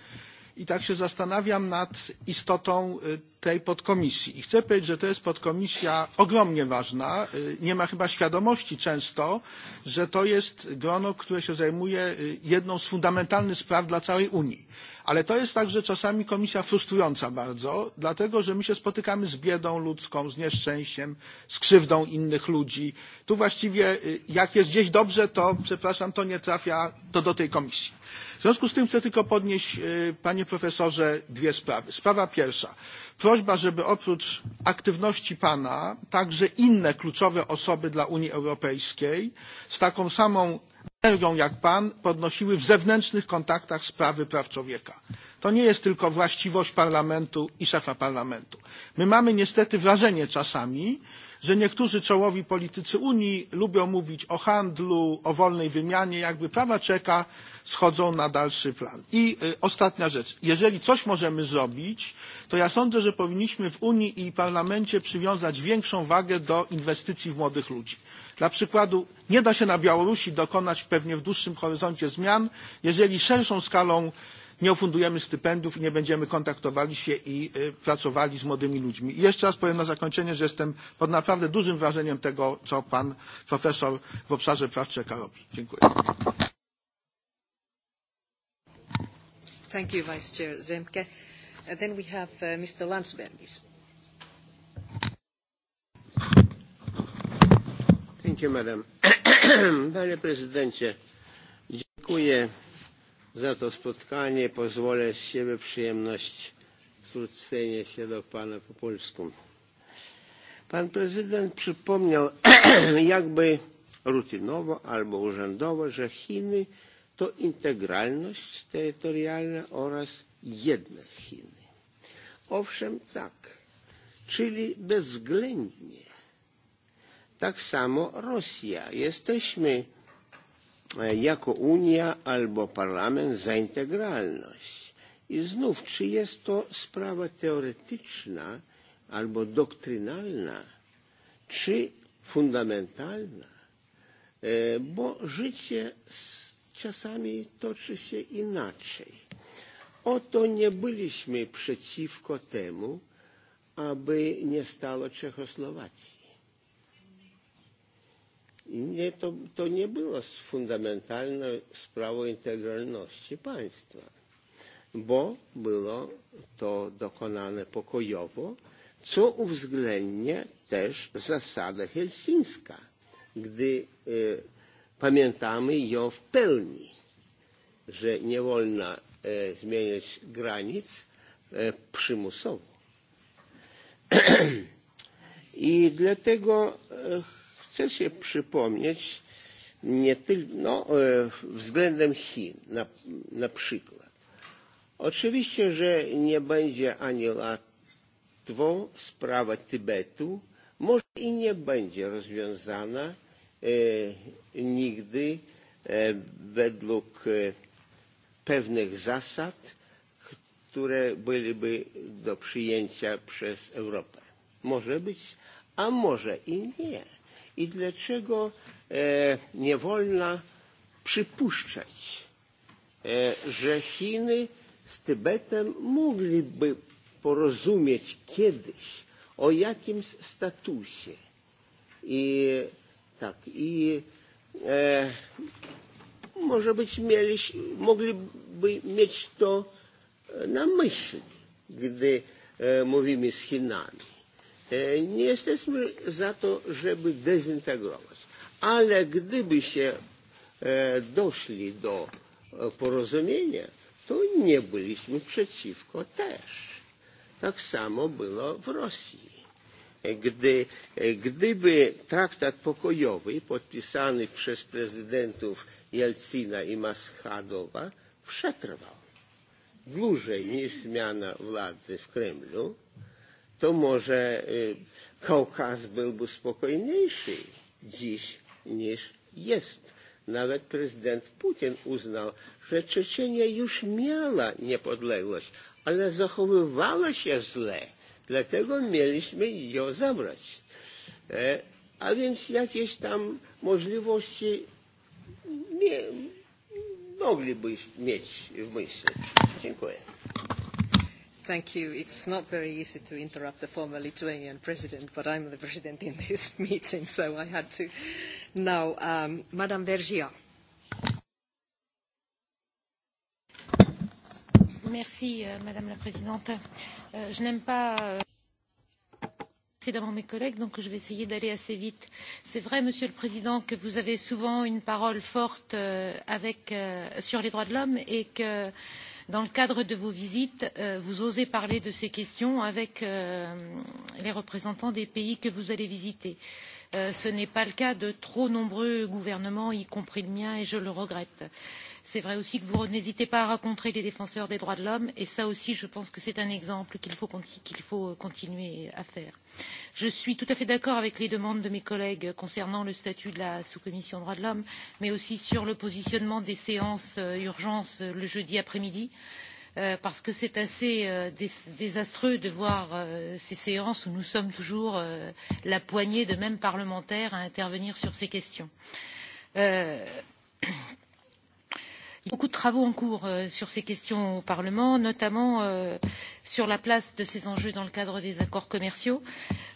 i tak się zastanawiam nad istotą tej podkomisji. I chcę powiedzieć, że to jest podkomisja ogromnie ważna. Nie ma chyba świadomości często, że to jest grono, które się zajmuje jedną z fundamentalnych spraw dla całej Unii. Ale to jest także czasami komisja frustrująca bardzo, dlatego że my się spotykamy z biedą ludzką, z nieszczęściem, z krzywdą innych ludzi. Tu właściwie jak jest gdzieś dobrze, to przepraszam, to nie trafia to do tej komisji. W związku z tym chcę tylko podnieść, e, panie profesorze, dwie sprawy. Sprawa pierwsza. Prośba, żeby oprócz aktywności pana także inne kluczowe osoby dla Unii Europejskiej z taką samą energią jak pan podnosiły w zewnętrznych kontaktach sprawy praw człowieka. To nie jest tylko właściwość parlamentu i szefa parlamentu. My mamy niestety wrażenie czasami, że niektórzy czołowi politycy unii lubią mówić o handlu o wolnej wymianie jakby prawa czeka schodzą na dalszy plan. i ostatnia rzecz jeżeli coś możemy zrobić to ja sądzę że powinniśmy w unii i parlamencie przywiązać większą wagę do inwestycji w młodych ludzi. dla przykładu nie da się na białorusi dokonać pewnie w dłuższym horyzoncie zmian jeżeli szerszą skalą nie ofundujemy stypendiów i nie będziemy kontaktowali się i pracowali z młodymi ludźmi. I jeszcze raz powiem na zakończenie, że jestem pod naprawdę dużym wrażeniem tego, co pan profesor w obszarze praw człowieka robi. Dziękuję. Thank you, Vice Chair Zemke. And uh, then we have uh, Mr. Landsbergis. Thank you, Madam. (clears throat) Panie Prezydencie, dziękuję za to spotkanie. Pozwolę z siebie przyjemność zwrócenia się do Pana po polsku. Pan prezydent przypomniał (clears throat) jakby rutynowo albo urzędowo, że Chiny to integralność terytorialna oraz jedne Chiny. Owszem, tak, czyli bezwzględnie. Tak samo Rosja. Jesteśmy jako Unia albo Parlament za integralność. I znów, czy jest to sprawa teoretyczna albo doktrynalna, czy fundamentalna, bo życie czasami toczy się inaczej. Oto nie byliśmy przeciwko temu, aby nie stało Czechosłowacji nie, to, to nie było fundamentalną sprawą integralności państwa, bo było to dokonane pokojowo, co uwzględnia też zasada helsińska, gdy e, pamiętamy ją w pełni, że nie wolno e, zmieniać granic e, przymusowo. I dlatego e, Chcę się przypomnieć nie tylko no, e, względem Chin na, na przykład. Oczywiście, że nie będzie ani łatwo sprawa Tybetu, może i nie będzie rozwiązana e, nigdy e, według e, pewnych zasad, które byłyby do przyjęcia przez Europę. Może być, a może i nie i dlaczego e, nie wolno przypuszczać, e, że Chiny z Tybetem mogliby porozumieć kiedyś o jakimś statusie. I tak, i e, może być mieli, mogliby mieć to e, na myśli, gdy e, mówimy z Chinami. E, nie jesteśmy za to, żeby dezintegrować, ale gdyby się e, doszli do e, porozumienia, to nie byliśmy przeciwko też. Tak samo było w Rosji. Gdy, gdyby traktat pokojowy podpisany przez prezydentów Jelcina i Maschadowa przetrwał dłużej niż zmiana władzy w Kremlu, to może Kaukaz byłby spokojniejszy dziś niż jest. Nawet prezydent Putin uznał, że Czeczenia już miała niepodległość, ale zachowywała się źle, dlatego mieliśmy ją zabrać. E, a więc jakieś tam możliwości nie, mogliby mieć w myśli. Dziękuję. Thank you. It's not very easy to interrupt the former Lithuanian president, but I'm the president in this (laughs) meeting, so I had to. Now, um, Madame Vergia. Merci, euh, Madame la Présidente. Euh, je n'aime pas. Euh précédemment mes collègues donc je vais essayer d'aller assez vite. c'est vrai monsieur le président que vous avez souvent une parole forte euh, avec, euh, sur les droits de l'homme et que euh, dans le cadre de vos visites, euh, vous osez parler de ces questions avec euh, les représentants des pays que vous allez visiter. Euh, Euh, ce n'est pas le cas de trop nombreux gouvernements y compris le mien et je le regrette. c'est vrai aussi que vous n'hésitez pas à raconter les défenseurs des droits de l'homme et ça aussi je pense que c'est un exemple qu'il faut, qu'il faut euh, continuer à faire. je suis tout à fait d'accord avec les demandes de mes collègues concernant le statut de la sous commission droits de l'homme mais aussi sur le positionnement des séances euh, urgences le jeudi après midi. Euh, Euh, parce que c'est assez euh, désastreux de voir euh, ces séances où nous sommes toujours la poignée de mêmes parlementaires à intervenir sur ces questions. Euh, il y a beaucoup de travaux en cours sur ces questions au parlement notamment sur la place de ces enjeux dans le cadre des accords commerciaux.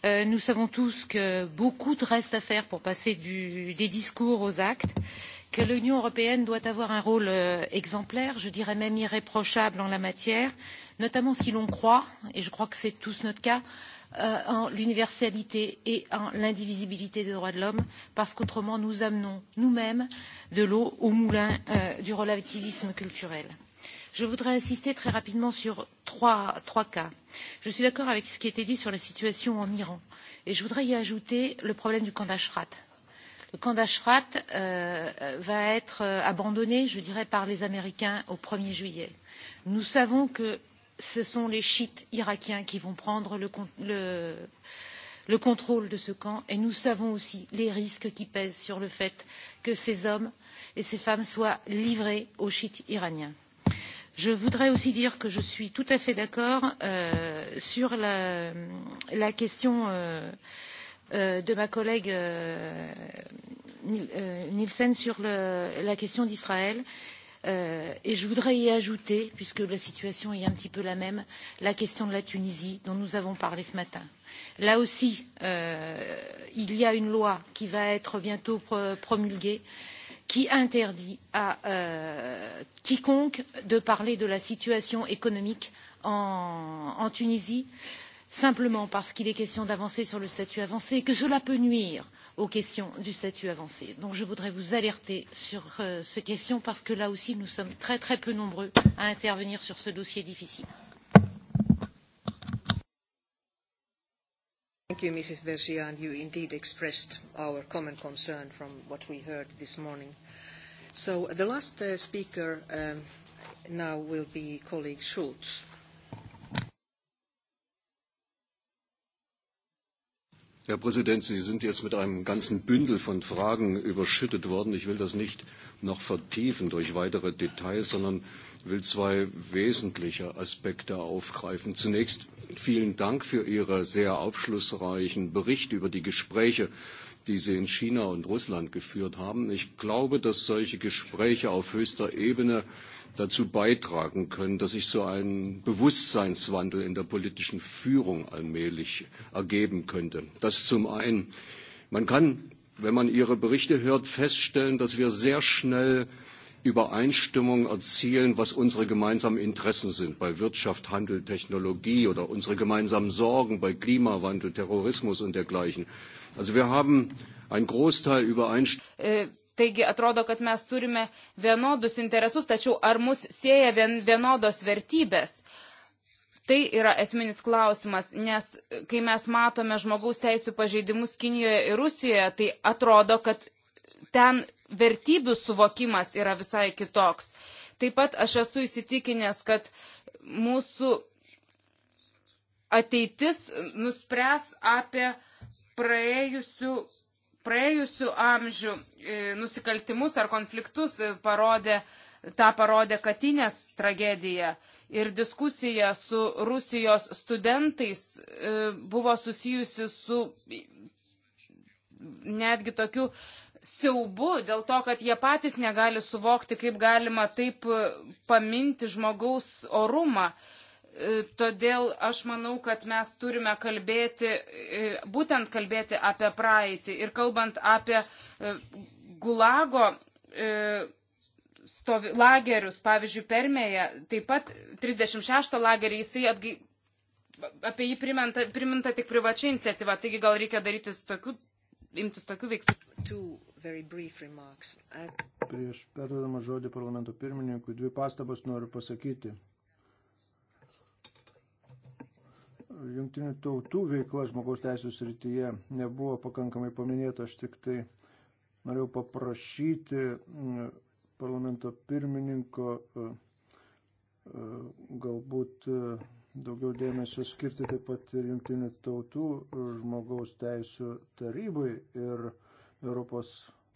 nous savons tous que beaucoup reste à faire pour passer du, des discours aux actes et que l'union européenne doit avoir un rôle euh, exemplaire je dirais même irréprochable en la matière notamment si l'on croit et je crois que c'est tous notre cas euh, en l'universalité et en l'indivisibilité des droits de l'homme parce qu'autrement nous amenons nous mêmes de l'eau au moulin euh, du relativisme culturel. je voudrais insister très rapidement sur trois cas. je suis d'accord avec ce qui a été dit sur la situation en iran et je voudrais y ajouter le problème du camp d'ashraf camp d'ashraf euh, va être euh, abandonné je dirais par les américains au un er juillet. nous savons que ce sont les chiites irakiens qui vont prendre le, le, le contrôle de ce camp et nous savons aussi les risques qui pèsent sur le fait que ces hommes et ces femmes soient livrés aux chiites iraniens. je voudrais aussi dire que je suis tout à fait d'accord euh, sur la, la question euh, Euh, de ma collègue euh, euh, nielsen sur le, la question d'israël et je voudrais y ajouter puisque la situation est un petit peu la même la question de la tunisie dont nous avons parlé ce matin. là aussi il y a une loi qui va être bientôt promulguée qui interdit à quiconque de parler de la situation économique en, en tunisie et simplement parce qu'il est question d'avancer sur le statut avancé que cela peut nuire aux questions du statut avancé. donc je voudrais vous alerter sur euh, ces questions parce que là aussi nous sommes très très peu nombreux à intervenir sur ce dossier difficile. Thank you, Mrs. Vergia, and you indeed expressed our common concern from what we heard this morning. So the last uh, speaker um, now will be colleague Schulz. Uh, Herr Präsident, Sie sind jetzt mit einem ganzen Bündel von Fragen überschüttet worden. Ich will das nicht noch vertiefen durch weitere Details, sondern will zwei wesentliche Aspekte aufgreifen. Zunächst vielen Dank für Ihren sehr aufschlussreichen Bericht über die Gespräche die sie in China und Russland geführt haben. Ich glaube, dass solche Gespräche auf höchster Ebene dazu beitragen können, dass sich so ein Bewusstseinswandel in der politischen Führung allmählich ergeben könnte. Das zum einen. Man kann, wenn man Ihre Berichte hört, feststellen, dass wir sehr schnell äh, Übereinstimmung erzielen, was unsere gemeinsamen Interessen sind, bei Wirtschaft, Handel, Technologie oder unsere gemeinsamen Sorgen bei Klimawandel, Terrorismus und dergleichen. Also wir haben einen Großteil Übereinstimmung. Äh, taigi atrodo, kad mes turime vienodus interesus, tačiau ar mus sieja vien, vienodos vertybės? Tai yra esminis klausimas, nes e, kai mes matome žmogaus teisų pažeidimus Kinijoje ir Rusijoje, tai atrodo, kad ten vertybių suvokimas yra visai kitoks. Taip pat aš esu įsitikinęs, kad mūsų ateitis nuspręs apie praėjusių, praėjusių amžių e, nusikaltimus ar konfliktus e, parodė, tą parodė Katinės tragedija. Ir diskusija su Rusijos studentais e, buvo susijusi su netgi tokiu siaubu dėl to, kad jie patys negali suvokti, kaip galima taip e, paminti žmogaus orumą. E, todėl aš manau, kad mes turime kalbėti, e, būtent kalbėti apie praeitį ir kalbant apie gulago stovi, lagerius, pavyzdžiui, Permėje, taip pat 36 lagerį jisai atgai, apie jį priminta, priminta tik privačia iniciatyva, taigi gal reikia daryti tokių, imtis tokių veiksmų. Uh, Prieš perdodamą žodį parlamento pirmininkui, dvi pastabas noriu pasakyti. Jungtinių tautų veikla žmogaus teisų srityje nebuvo pakankamai paminėta, aš tik tai norėjau paprašyti mm, parlamento pirmininko mm, mm, galbūt daugiau dėmesio skirti taip pat ir jungtinių tautų žmogaus teisų tarybai ir Europos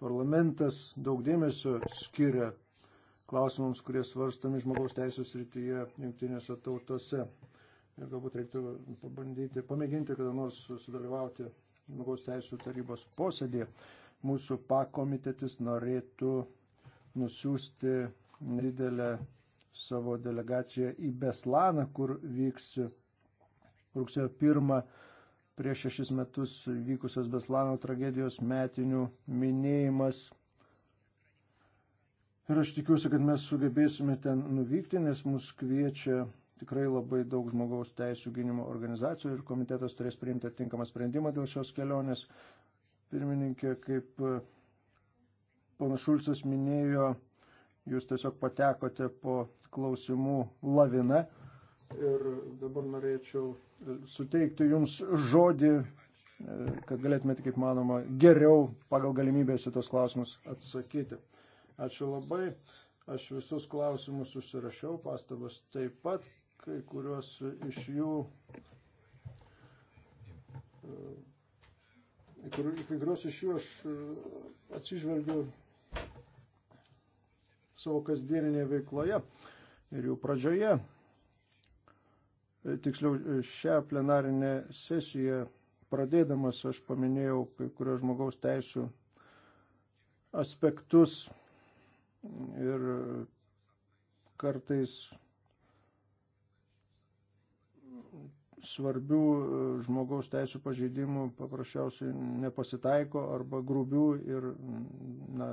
parlamentas daug dėmesio skiria klausimams, kurie svarstami žmogaus teisės rytyje jungtinėse tautose. Ir galbūt reiktų pabandyti, pamėginti kada nors sudalyvauti žmogaus teisų tarybos posėdėje. Mūsų pakomitetis norėtų nusiųsti didelę savo delegaciją į Beslaną, kur vyks rugsėjo 1 prieš šešis metus vykusios Beslano tragedijos metinių minėjimas. Ir aš tikiuosi, kad mes sugebėsime ten nuvykti, nes mus kviečia tikrai labai daug žmogaus teisų gynimo organizacijų ir komitetas turės priimti atitinkamą sprendimą dėl šios kelionės. Pirmininkė, kaip e, panašulsis minėjo, jūs tiesiog patekote po klausimų lavina. Ir dabar norėčiau e, suteikti Jums žodį, e, kad galėtumėte, kaip manoma, geriau pagal galimybės į tos klausimus atsakyti. Ačiū labai. Aš visus klausimus užsirašiau, pastabas taip pat, kai kuriuos iš jų, e, kai kuriuos iš jų aš atsižvelgiu savo kasdieninėje veikloje ir jų pradžioje E, tiksliau e, šią plenarinę sesiją pradėdamas aš paminėjau kai kurios žmogaus teisų aspektus ir kartais svarbių e, žmogaus teisų pažeidimų paprasčiausiai nepasitaiko arba grubių ir na,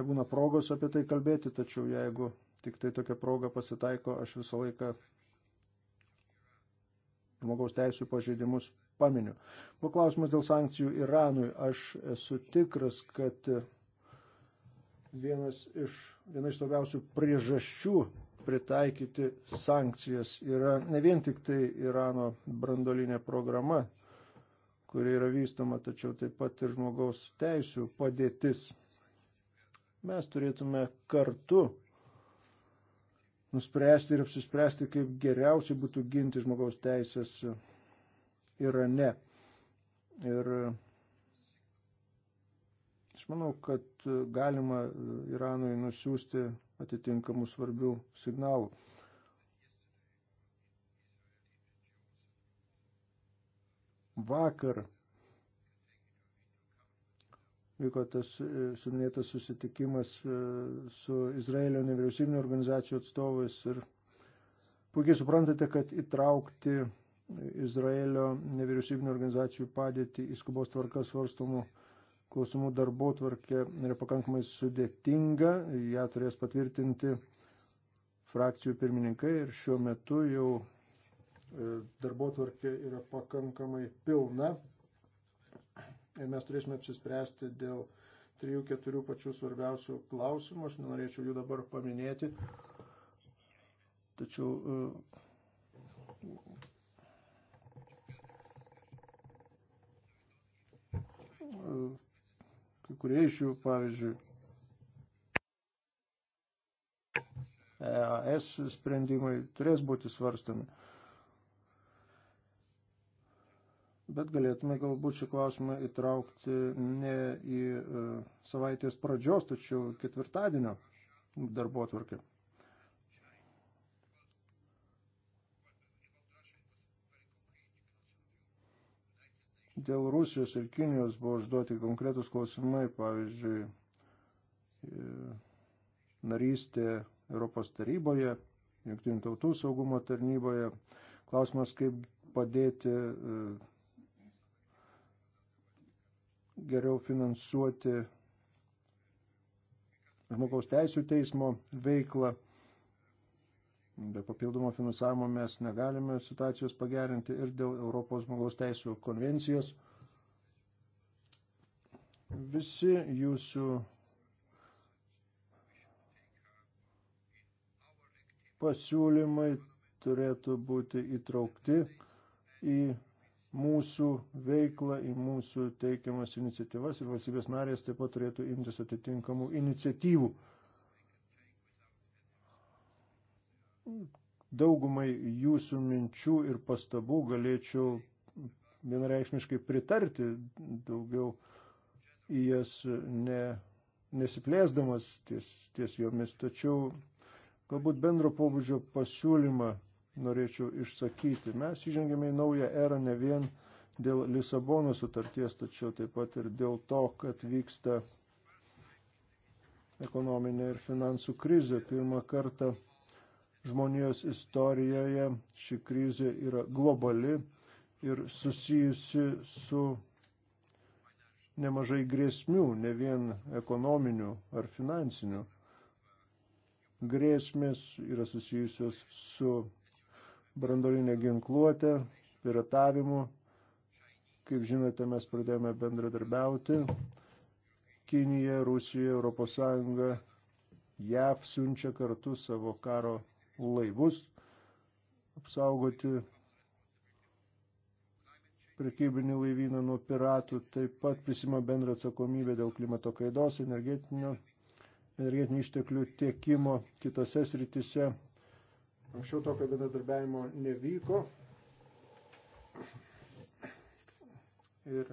nebūna progos apie tai kalbėti, tačiau jeigu tik tai tokia proga pasitaiko, aš visą laiką žmogaus teisų pažeidimus paminiu. Buvo klausimas dėl sankcijų Iranui. Aš esu tikras, kad vienas iš, viena iš svarbiausių priežasčių pritaikyti sankcijas yra ne vien tik tai Irano brandolinė programa, kuri yra vystoma, tačiau taip pat ir žmogaus teisų padėtis. Mes turėtume kartu nuspręsti ir apsispręsti, kaip geriausiai būtų ginti žmogaus teisės Irane. Ir aš manau, kad galima Iranui nusiųsti atitinkamų svarbių signalų. Vakar vyko tas e, suminėtas susitikimas e, su Izraelio nevyriausybinio organizacijų atstovais ir puikiai suprantate, kad įtraukti Izraelio nevyriausybinio organizacijų padėtį į skubos tvarkas svarstomų klausimų darbo tvarkė yra pakankamai sudėtinga, ją turės patvirtinti frakcijų pirmininkai ir šiuo metu jau e, darbo tvarkė yra pakankamai pilna ir mes turėsime apsispręsti dėl trijų, keturių pačių svarbiausių klausimų. Aš nenorėčiau jų dabar paminėti. Tačiau e, e, kai kurie iš jų, pavyzdžiui, EAS sprendimai turės būti svarstami. bet galėtume galbūt šį klausimą įtraukti ne į e, savaitės pradžios, tačiau ketvirtadienio darbo atvarkį. Dėl Rusijos ir Kinijos buvo užduoti konkretus klausimai, pavyzdžiui, e, narystė Europos taryboje, Junktinių tautų saugumo tarnyboje. Klausimas, kaip padėti e, geriau finansuoti žmogaus teisų teismo veiklą. Be papildomo finansavimo mes negalime situacijos pagerinti ir dėl Europos žmogaus teisų konvencijos. Visi jūsų pasiūlymai turėtų būti įtraukti į mūsų veiklą, į mūsų teikiamas iniciatyvas ir valstybės narės taip pat turėtų imtis atitinkamų iniciatyvų. Daugumai jūsų minčių ir pastabų galėčiau vienareikšmiškai pritarti, daugiau į jas ne, nesiplėsdamas ties, ties jomis, tačiau galbūt bendro pobūdžio pasiūlymą norėčiau išsakyti. Mes įžengėme į naują erą ne vien dėl Lisabono sutarties, tačiau taip pat ir dėl to, kad vyksta ekonominė ir finansų krizė. Pirmą kartą žmonijos istorijoje ši krizė yra globali ir susijusi su nemažai grėsmių, ne vien ekonominių ar finansinių. Grėsmės yra susijusios su brandolinę ginkluotę, piratavimu. Kaip žinote, mes pradėjome bendradarbiauti. Kinija, Rusija, ES, JAV siunčia kartu savo karo laivus apsaugoti prekybinį laivyną nuo piratų, taip pat prisima bendrą atsakomybę dėl klimato kaidos, energetinio, energetinių išteklių tiekimo kitose sritise Anksčiau tokio bendradarbiavimo nevyko. Ir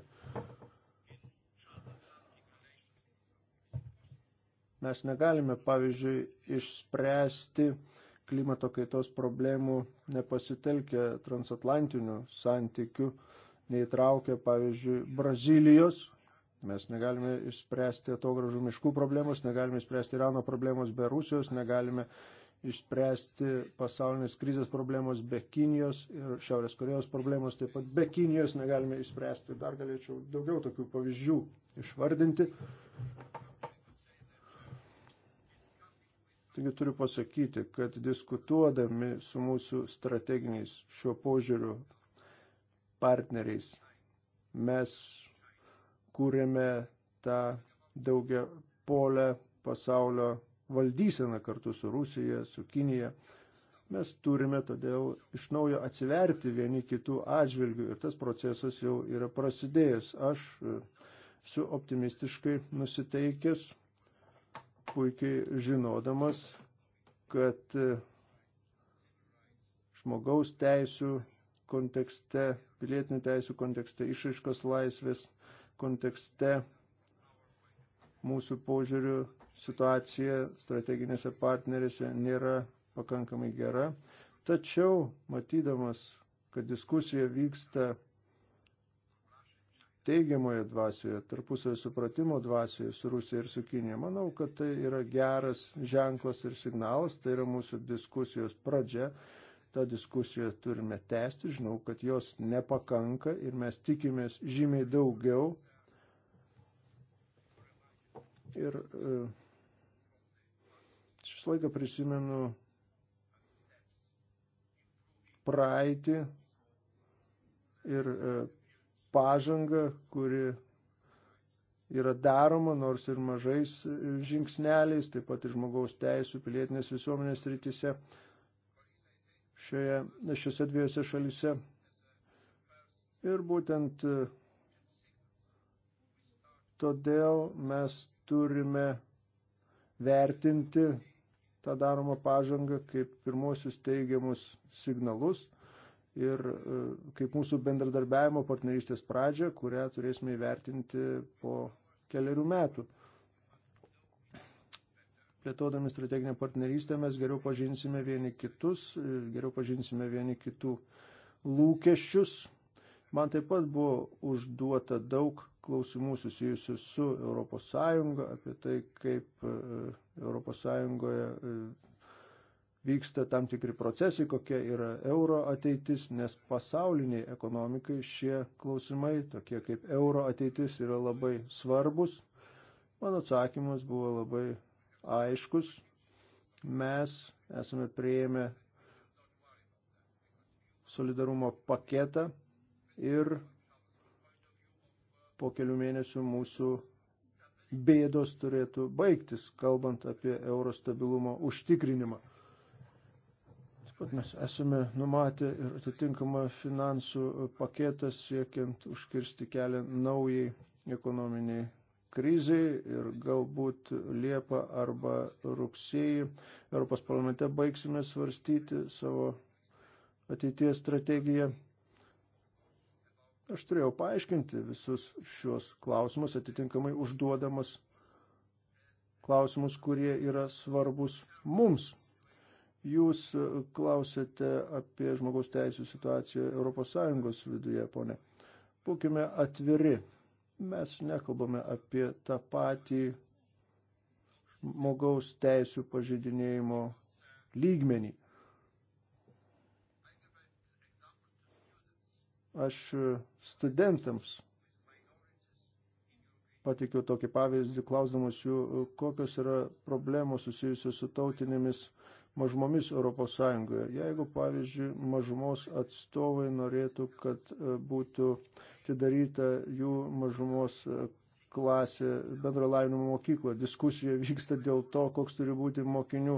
mes negalime, pavyzdžiui, išspręsti klimato kaitos problemų nepasitelkę transatlantinių santykių, neįtraukę, pavyzdžiui, Brazilijos. Mes negalime išspręsti atogražų miškų problemos, negalime išspręsti Irano problemos be Rusijos, negalime išspręsti pasaulinės krizės problemos be Kinijos ir Šiaurės Korejos problemos taip pat be Kinijos negalime išspręsti. Dar galėčiau daugiau tokių pavyzdžių išvardinti. Taigi turiu pasakyti, kad diskutuodami su mūsų strateginiais šiuo požiūriu partneriais mes kūrėme tą daugia polę pasaulio valdyseną kartu su Rusija, su Kinija. Mes turime todėl iš naujo atsiverti vieni kitų atžvilgių ir tas procesas jau yra prasidėjęs. Aš e, esu optimistiškai nusiteikęs, puikiai žinodamas, kad e, žmogaus teisų kontekste, pilietinių teisų kontekste, išaiškos laisvės kontekste mūsų požiūrių situacija strateginėse partnerėse nėra pakankamai gera. Tačiau matydamas, kad diskusija vyksta teigiamoje dvasioje, tarpusavio supratimo dvasioje su Rusija ir su Kinija. Manau, kad tai yra geras ženklas ir signalas, tai yra mūsų diskusijos pradžia. Ta diskusija turime tęsti, žinau, kad jos nepakanka ir mes tikimės žymiai daugiau Ir aš e, visą laiką prisimenu praeitį ir e, pažangą, kuri yra daroma, nors ir mažais žingsneliais, taip pat ir žmogaus teisų, pilietinės visuomenės rytise šioje, šiose dviejose šalise. Ir būtent e, todėl mes turime vertinti tą daromą pažangą kaip pirmosius teigiamus signalus ir e, kaip mūsų bendradarbiavimo partnerystės pradžią, kurią turėsime įvertinti po keliarių metų. Plėtodami strateginę partnerystę mes geriau pažinsime vieni kitus, e, geriau pažinsime vieni kitų lūkesčius. Man taip pat buvo užduota daug klausimų susijusių su ES, apie tai, kaip ES e, vyksta tam tikri procesai, kokia yra euro ateitis, nes pasauliniai ekonomikai šie klausimai, tokie kaip euro ateitis, yra labai svarbus. Mano atsakymas buvo labai aiškus. Mes esame prieėmę solidarumo paketą ir po kelių mėnesių mūsų bėdos turėtų baigtis, kalbant apie euro stabilumo užtikrinimą. Taip pat mes esame numatę ir atitinkamą finansų paketą siekiant užkirsti kelią naujai ekonominiai krizei ir galbūt Liepą arba rugsėjį Europos parlamente baigsime svarstyti savo ateities strategiją Aš turėjau paaiškinti visus šios klausimus, atitinkamai užduodamus klausimus, kurie yra svarbus mums. Jūs e, klausėte apie žmogaus teisų situaciją ES viduje, ponė. Būkime atviri. Mes nekalbame apie tą patį žmogaus teisų pažydinėjimo lygmenį. Aš e, studentams pateikiau tokį pavyzdį, klausdamas jų, e, kokios yra problemos susijusios su tautinėmis mažumomis Europos Sąjungoje. Jeigu, pavyzdžiui, mažumos atstovai norėtų, kad e, būtų atidaryta jų mažumos klasę bendro lavinimo mokykloje. Diskusija vyksta dėl to, koks turi būti mokinių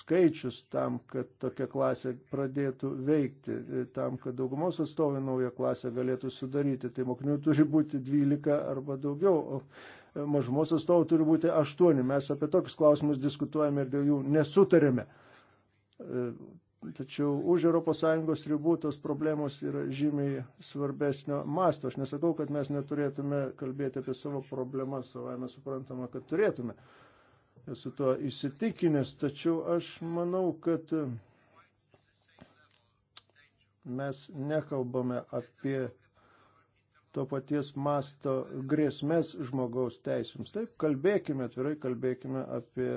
skaičius tam, kad tokia klasė pradėtų veikti, tam, kad daugumos atstovai naują klasę galėtų sudaryti. Tai mokinių turi būti 12 arba daugiau, o mažumos atstovų turi būti 8. Mes apie tokius klausimus diskutuojame ir dėl jų nesutarėme Tačiau už ES ribų tos problemos yra žymiai svarbesnio masto. Aš nesakau, kad mes neturėtume kalbėti apie savo problemas, savai mes suprantama, kad turėtume. Esu tuo įsitikinęs, tačiau aš manau, kad mes nekalbame apie to paties masto grėsmės žmogaus teisėms. Taip, kalbėkime atvirai, kalbėkime apie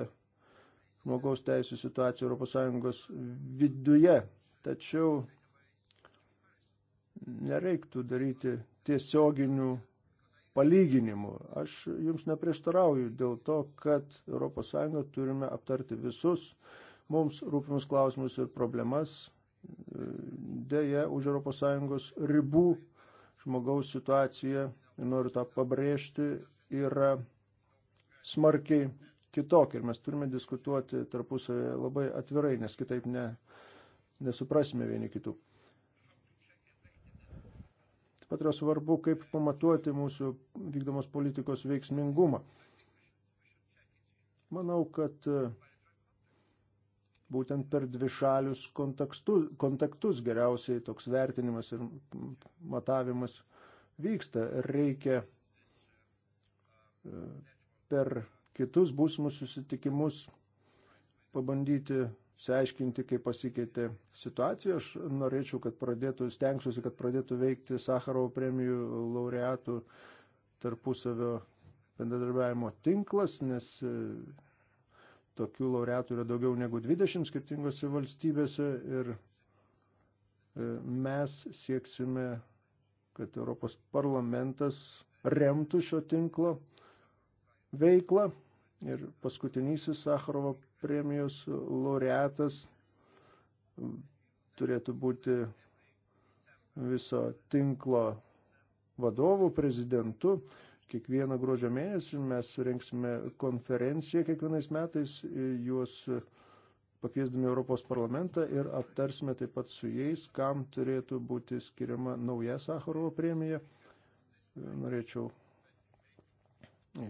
žmogaus teisų situaciją ES viduje. Tačiau nereiktų daryti tiesioginių palyginimų. Aš jums neprieštarauju dėl to, kad ES turime aptarti visus mums rūpimus klausimus ir problemas. Deja, už ES ribų žmogaus situacija, noriu tą pabrėžti, yra smarkiai kitokia ir mes turime diskutuoti tarpusavėje labai atvirai, nes kitaip ne, nesuprasime vieni kitų. Taip pat yra svarbu, kaip pamatuoti mūsų vykdomos politikos veiksmingumą. Manau, kad būtent per dvišalius kontaktus geriausiai toks vertinimas ir matavimas vyksta. Reikia e, per kitus būsimus susitikimus pabandyti seaiškinti, kaip pasikeitė situacija. Aš norėčiau, kad pradėtų, stengsiuosi, kad pradėtų veikti Sakarovo premijų laureatų tarpusavio bendradarbiavimo tinklas, nes e, tokių laureatų yra daugiau negu 20 skirtingose valstybėse ir e, mes sieksime, kad Europos parlamentas remtų šio tinklo veiklą. Ir paskutinysis Sakharovo premijos laureatas turėtų būti viso tinklo vadovų, prezidentu. Kiekvieną gruodžio mėnesį mes surinksime konferenciją kiekvienais metais, juos pakviesdami Europos parlamentą ir aptarsime taip pat su jais, kam turėtų būti skiriama nauja Sakarovo premija. Norėčiau e,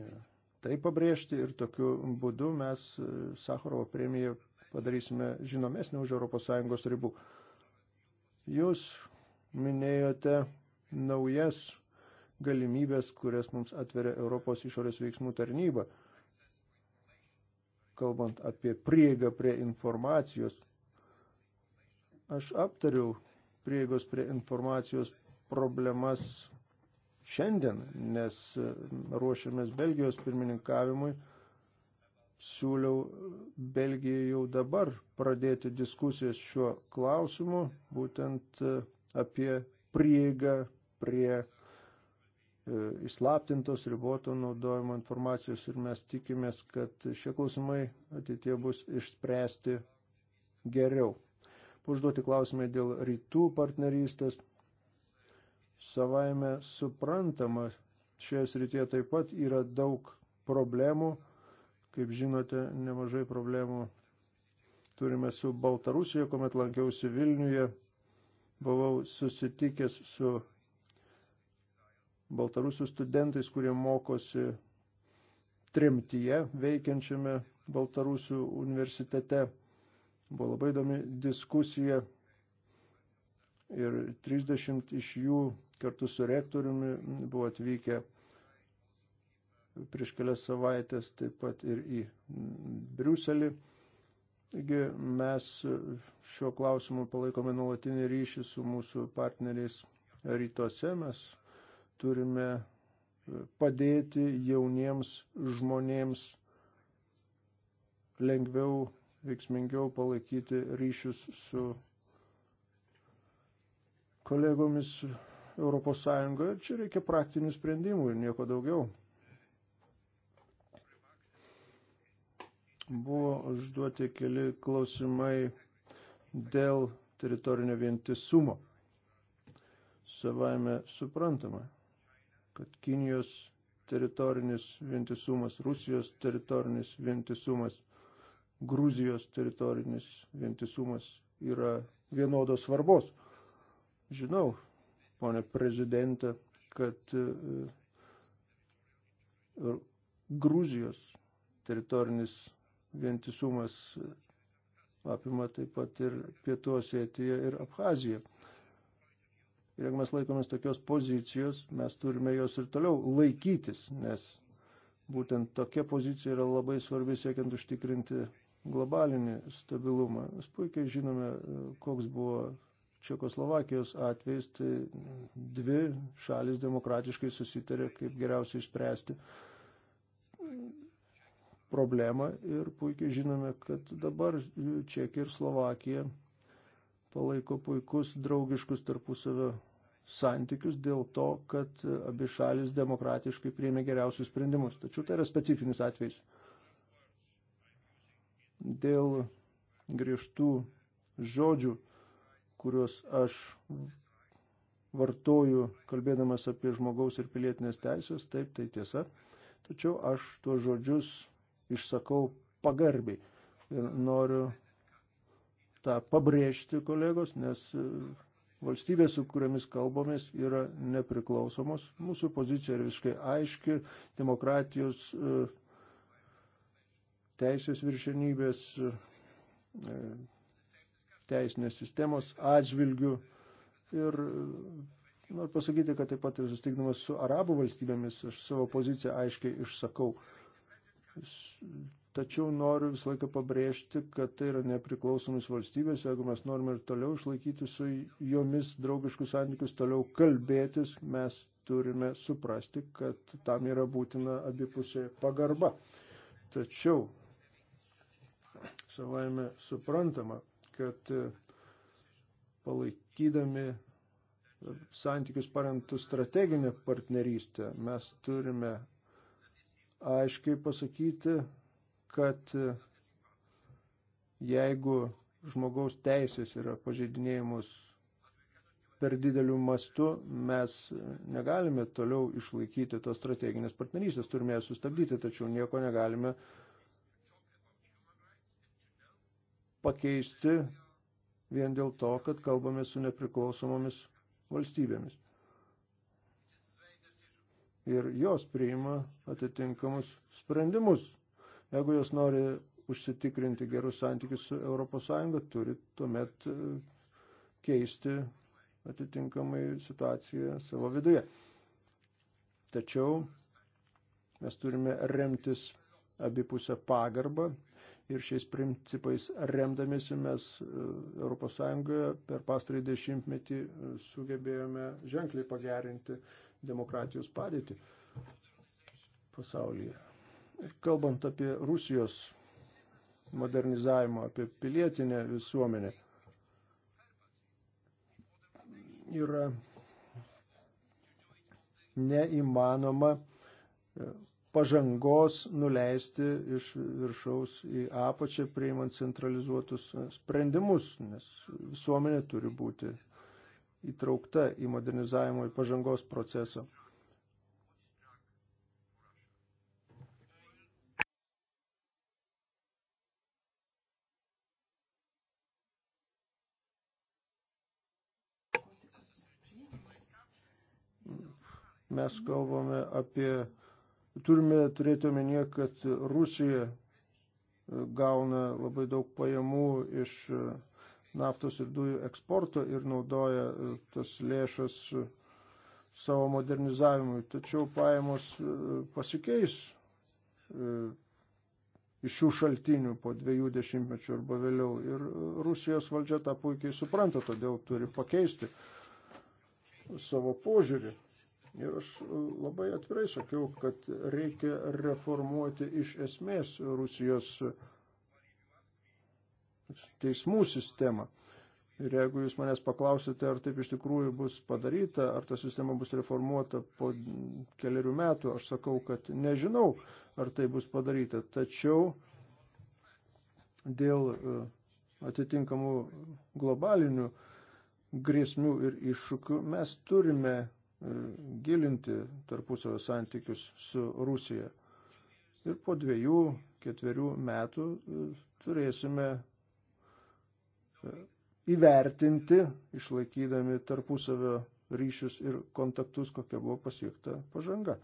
tai pabrėžti ir tokiu būdu mes e, Sakharovo premiją padarysime žinomesnį už ES ribų. Jūs minėjote naujas galimybės, kurias mums atveria Europos išorės veiksmų tarnyba, kalbant apie prieigą prie informacijos. Aš aptariau prieigos prie informacijos problemas šiandien, nes e, ruošiamės Belgijos pirmininkavimui, siūliau Belgijai jau dabar pradėti diskusijas šiuo klausimu, būtent e, apie prieigą prie e, įslaptintos riboto naudojimo informacijos ir mes tikimės, kad šie klausimai ateitie bus išspręsti geriau. Užduoti klausimai dėl rytų partnerystės, savaime suprantama. Šioje srityje taip pat yra daug problemų. Kaip žinote, nemažai problemų turime su Baltarusija, kuomet lankiausi Vilniuje, buvau susitikęs su Baltarusų studentais, kurie mokosi trimtyje veikiančiame Baltarusų universitete. Buvo labai įdomi diskusija ir 30 iš jų kartu su rektoriumi buvo atvykę prieš kelias savaitės taip pat ir į Briuselį. Taigi mes šiuo klausimu palaikome nuolatinį ryšį su mūsų partneriais rytuose. Mes turime padėti jauniems žmonėms lengviau, veiksmingiau palaikyti ryšius su kolegomis Europos Sąjungoje. Čia reikia praktinių sprendimų ir nieko daugiau. Buvo užduoti keli klausimai dėl teritorinio vientisumo. Savaime suprantama, kad Kinijos teritorinis vientisumas, Rusijos teritorinis vientisumas, Gruzijos teritorinis vientisumas yra vienodos svarbos. Žinau, ponė prezidentė, kad e, Gruzijos teritorinis vientisumas e, apima taip pat ir Pietų Osetiją ir Abhaziją. Ir jeigu mes laikomės tokios pozicijos, mes turime jos ir toliau laikytis, nes būtent tokia pozicija yra labai svarbi siekiant užtikrinti globalinį stabilumą. Mes puikiai žinome, e, koks buvo Čekoslovakijos atvejais, tai dvi šalis demokratiškai susitarė, kaip geriausiai išspręsti problemą ir puikiai žinome, kad dabar Čekija ir Slovakija palaiko puikus draugiškus tarpusavio santykius dėl to, kad abi šalis demokratiškai priėmė geriausius sprendimus. Tačiau tai yra specifinis atvejs. Dėl griežtų žodžių kuriuos aš vartoju, kalbėdamas apie žmogaus ir pilietinės teisės, taip tai tiesa, tačiau aš tuos žodžius išsakau pagarbiai ir noriu tą pabrėžti, kolegos, nes e, valstybės, su kuriamis kalbomis, yra nepriklausomos. Mūsų pozicija yra visiškai aiški, demokratijos e, teisės viršenybės e, teisinės sistemos atžvilgių. Ir e, noriu pasakyti, kad taip pat ir sustikdamas su arabų valstybėmis aš savo poziciją aiškiai išsakau. Tačiau noriu visą laiką pabrėžti, kad tai yra nepriklausomis valstybės, jeigu mes norime ir toliau išlaikyti su jomis draugiškus santykius, toliau kalbėtis, mes turime suprasti, kad tam yra būtina abipusė pagarba. Tačiau savaime suprantama, kad e, palaikydami e, santykius paremtų strateginę partnerystę mes turime aiškiai pasakyti, kad e, jeigu žmogaus teisės yra pažeidinėjimus per dideliu mastu, mes negalime toliau išlaikyti tos strateginės partnerystės, turime ją sustabdyti, tačiau nieko negalime uh, pakeisti vien dėl to, kad kalbame su nepriklausomomis valstybėmis. Ir jos priima atitinkamus sprendimus. Jeigu jos nori užsitikrinti gerus santykius su ES, turi tuomet e, keisti atitinkamai situaciją savo viduje. Tačiau mes turime remtis abipusę pagarbą ir šiais principais remdamėsi mes ES per pastarį dešimtmetį e, sugebėjome ženkliai pagerinti demokratijos padėtį pasaulyje. Kalbant apie Rusijos modernizavimą, apie pilietinę visuomenę, yra neįmanoma e, pažangos nuleisti iš viršaus į apačią, priimant centralizuotus e, sprendimus, nes visuomenė turi būti įtraukta į modernizavimo, į pažangos procesą. Mes kalbame apie Turime turėti omenyje, kad Rusija e, gauna labai daug pajamų iš e, naftos ir dujų eksporto ir naudoja e, tas lėšas savo modernizavimui. Tačiau pajamos pasikeis iš šių šaltinių po dviejų dešimtmečių arba vėliau. Ir Rusijos valdžia tą puikiai supranta, todėl turi pakeisti savo požiūrį Ir aš e, labai atvirai sakiau, kad reikia reformuoti iš esmės Rusijos teismų sistemą. Ir jeigu jūs manęs paklausite, ar taip iš tikrųjų bus padaryta, ar ta sistema bus reformuota po keliarių metų, aš sakau, kad nežinau, ar tai bus padaryta. Tačiau dėl e, atitinkamų globalinių grėsmių ir iššūkių mes turime gilinti tarpusavio santykius su Rusija. Ir po dviejų, ketverių metų e, turėsime e, įvertinti, išlaikydami tarpusavio ryšius ir kontaktus, kokia buvo pasiekta pažanga.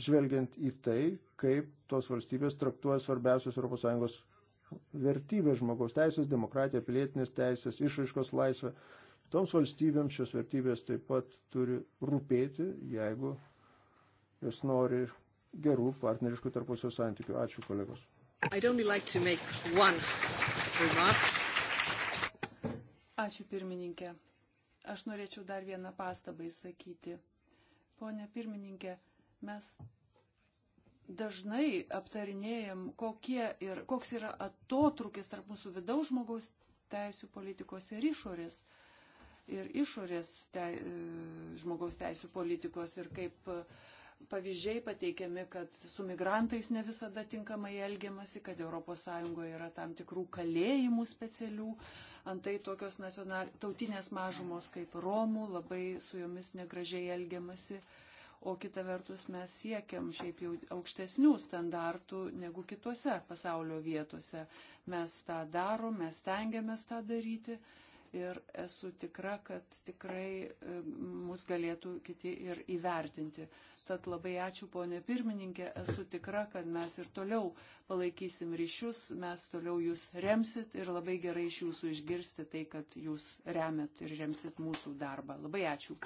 Žvelgiant į tai, kaip tos valstybės traktuoja svarbiausius ES vertybės žmogaus teisės, demokratija, pilietinės teisės, išraiškos laisvė. Toms valstybėms šios vertybės taip pat turi rūpėti, jeigu jos nori gerų partneriškų tarpusio santykių. Ačiū, kolegos. Like Ačiū, pirmininkė. Aš norėčiau dar vieną pastabą įsakyti. Pone pirmininkė, mes dažnai aptarinėjom, kokie ir koks yra atotrukis tarp mūsų vidaus žmogaus teisų politikos ir išorės. Ir išorės te, e, žmogaus teisų politikos ir kaip e, pavyzdžiai pateikiami, kad su migrantais ne visada tinkamai elgiamasi, kad ES yra tam tikrų kalėjimų specialių, antai tokios nacional... tautinės mažumos kaip Romų, labai su jomis negražiai elgiamasi. Uh, o kita vertus mes siekiam šiaip jau aukštesnių standartų negu kitose pasaulio vietose. Mes tą darom, mes tengiamės tą daryti ir esu tikra, kad tikrai e, mus galėtų kiti ir įvertinti. Tad labai ačiū, ponė pirmininkė, esu tikra, kad mes ir toliau palaikysim ryšius, mes toliau jūs remsit ir labai gerai iš jūsų išgirsti tai, kad jūs remet ir remsit mūsų darbą. Labai ačiū.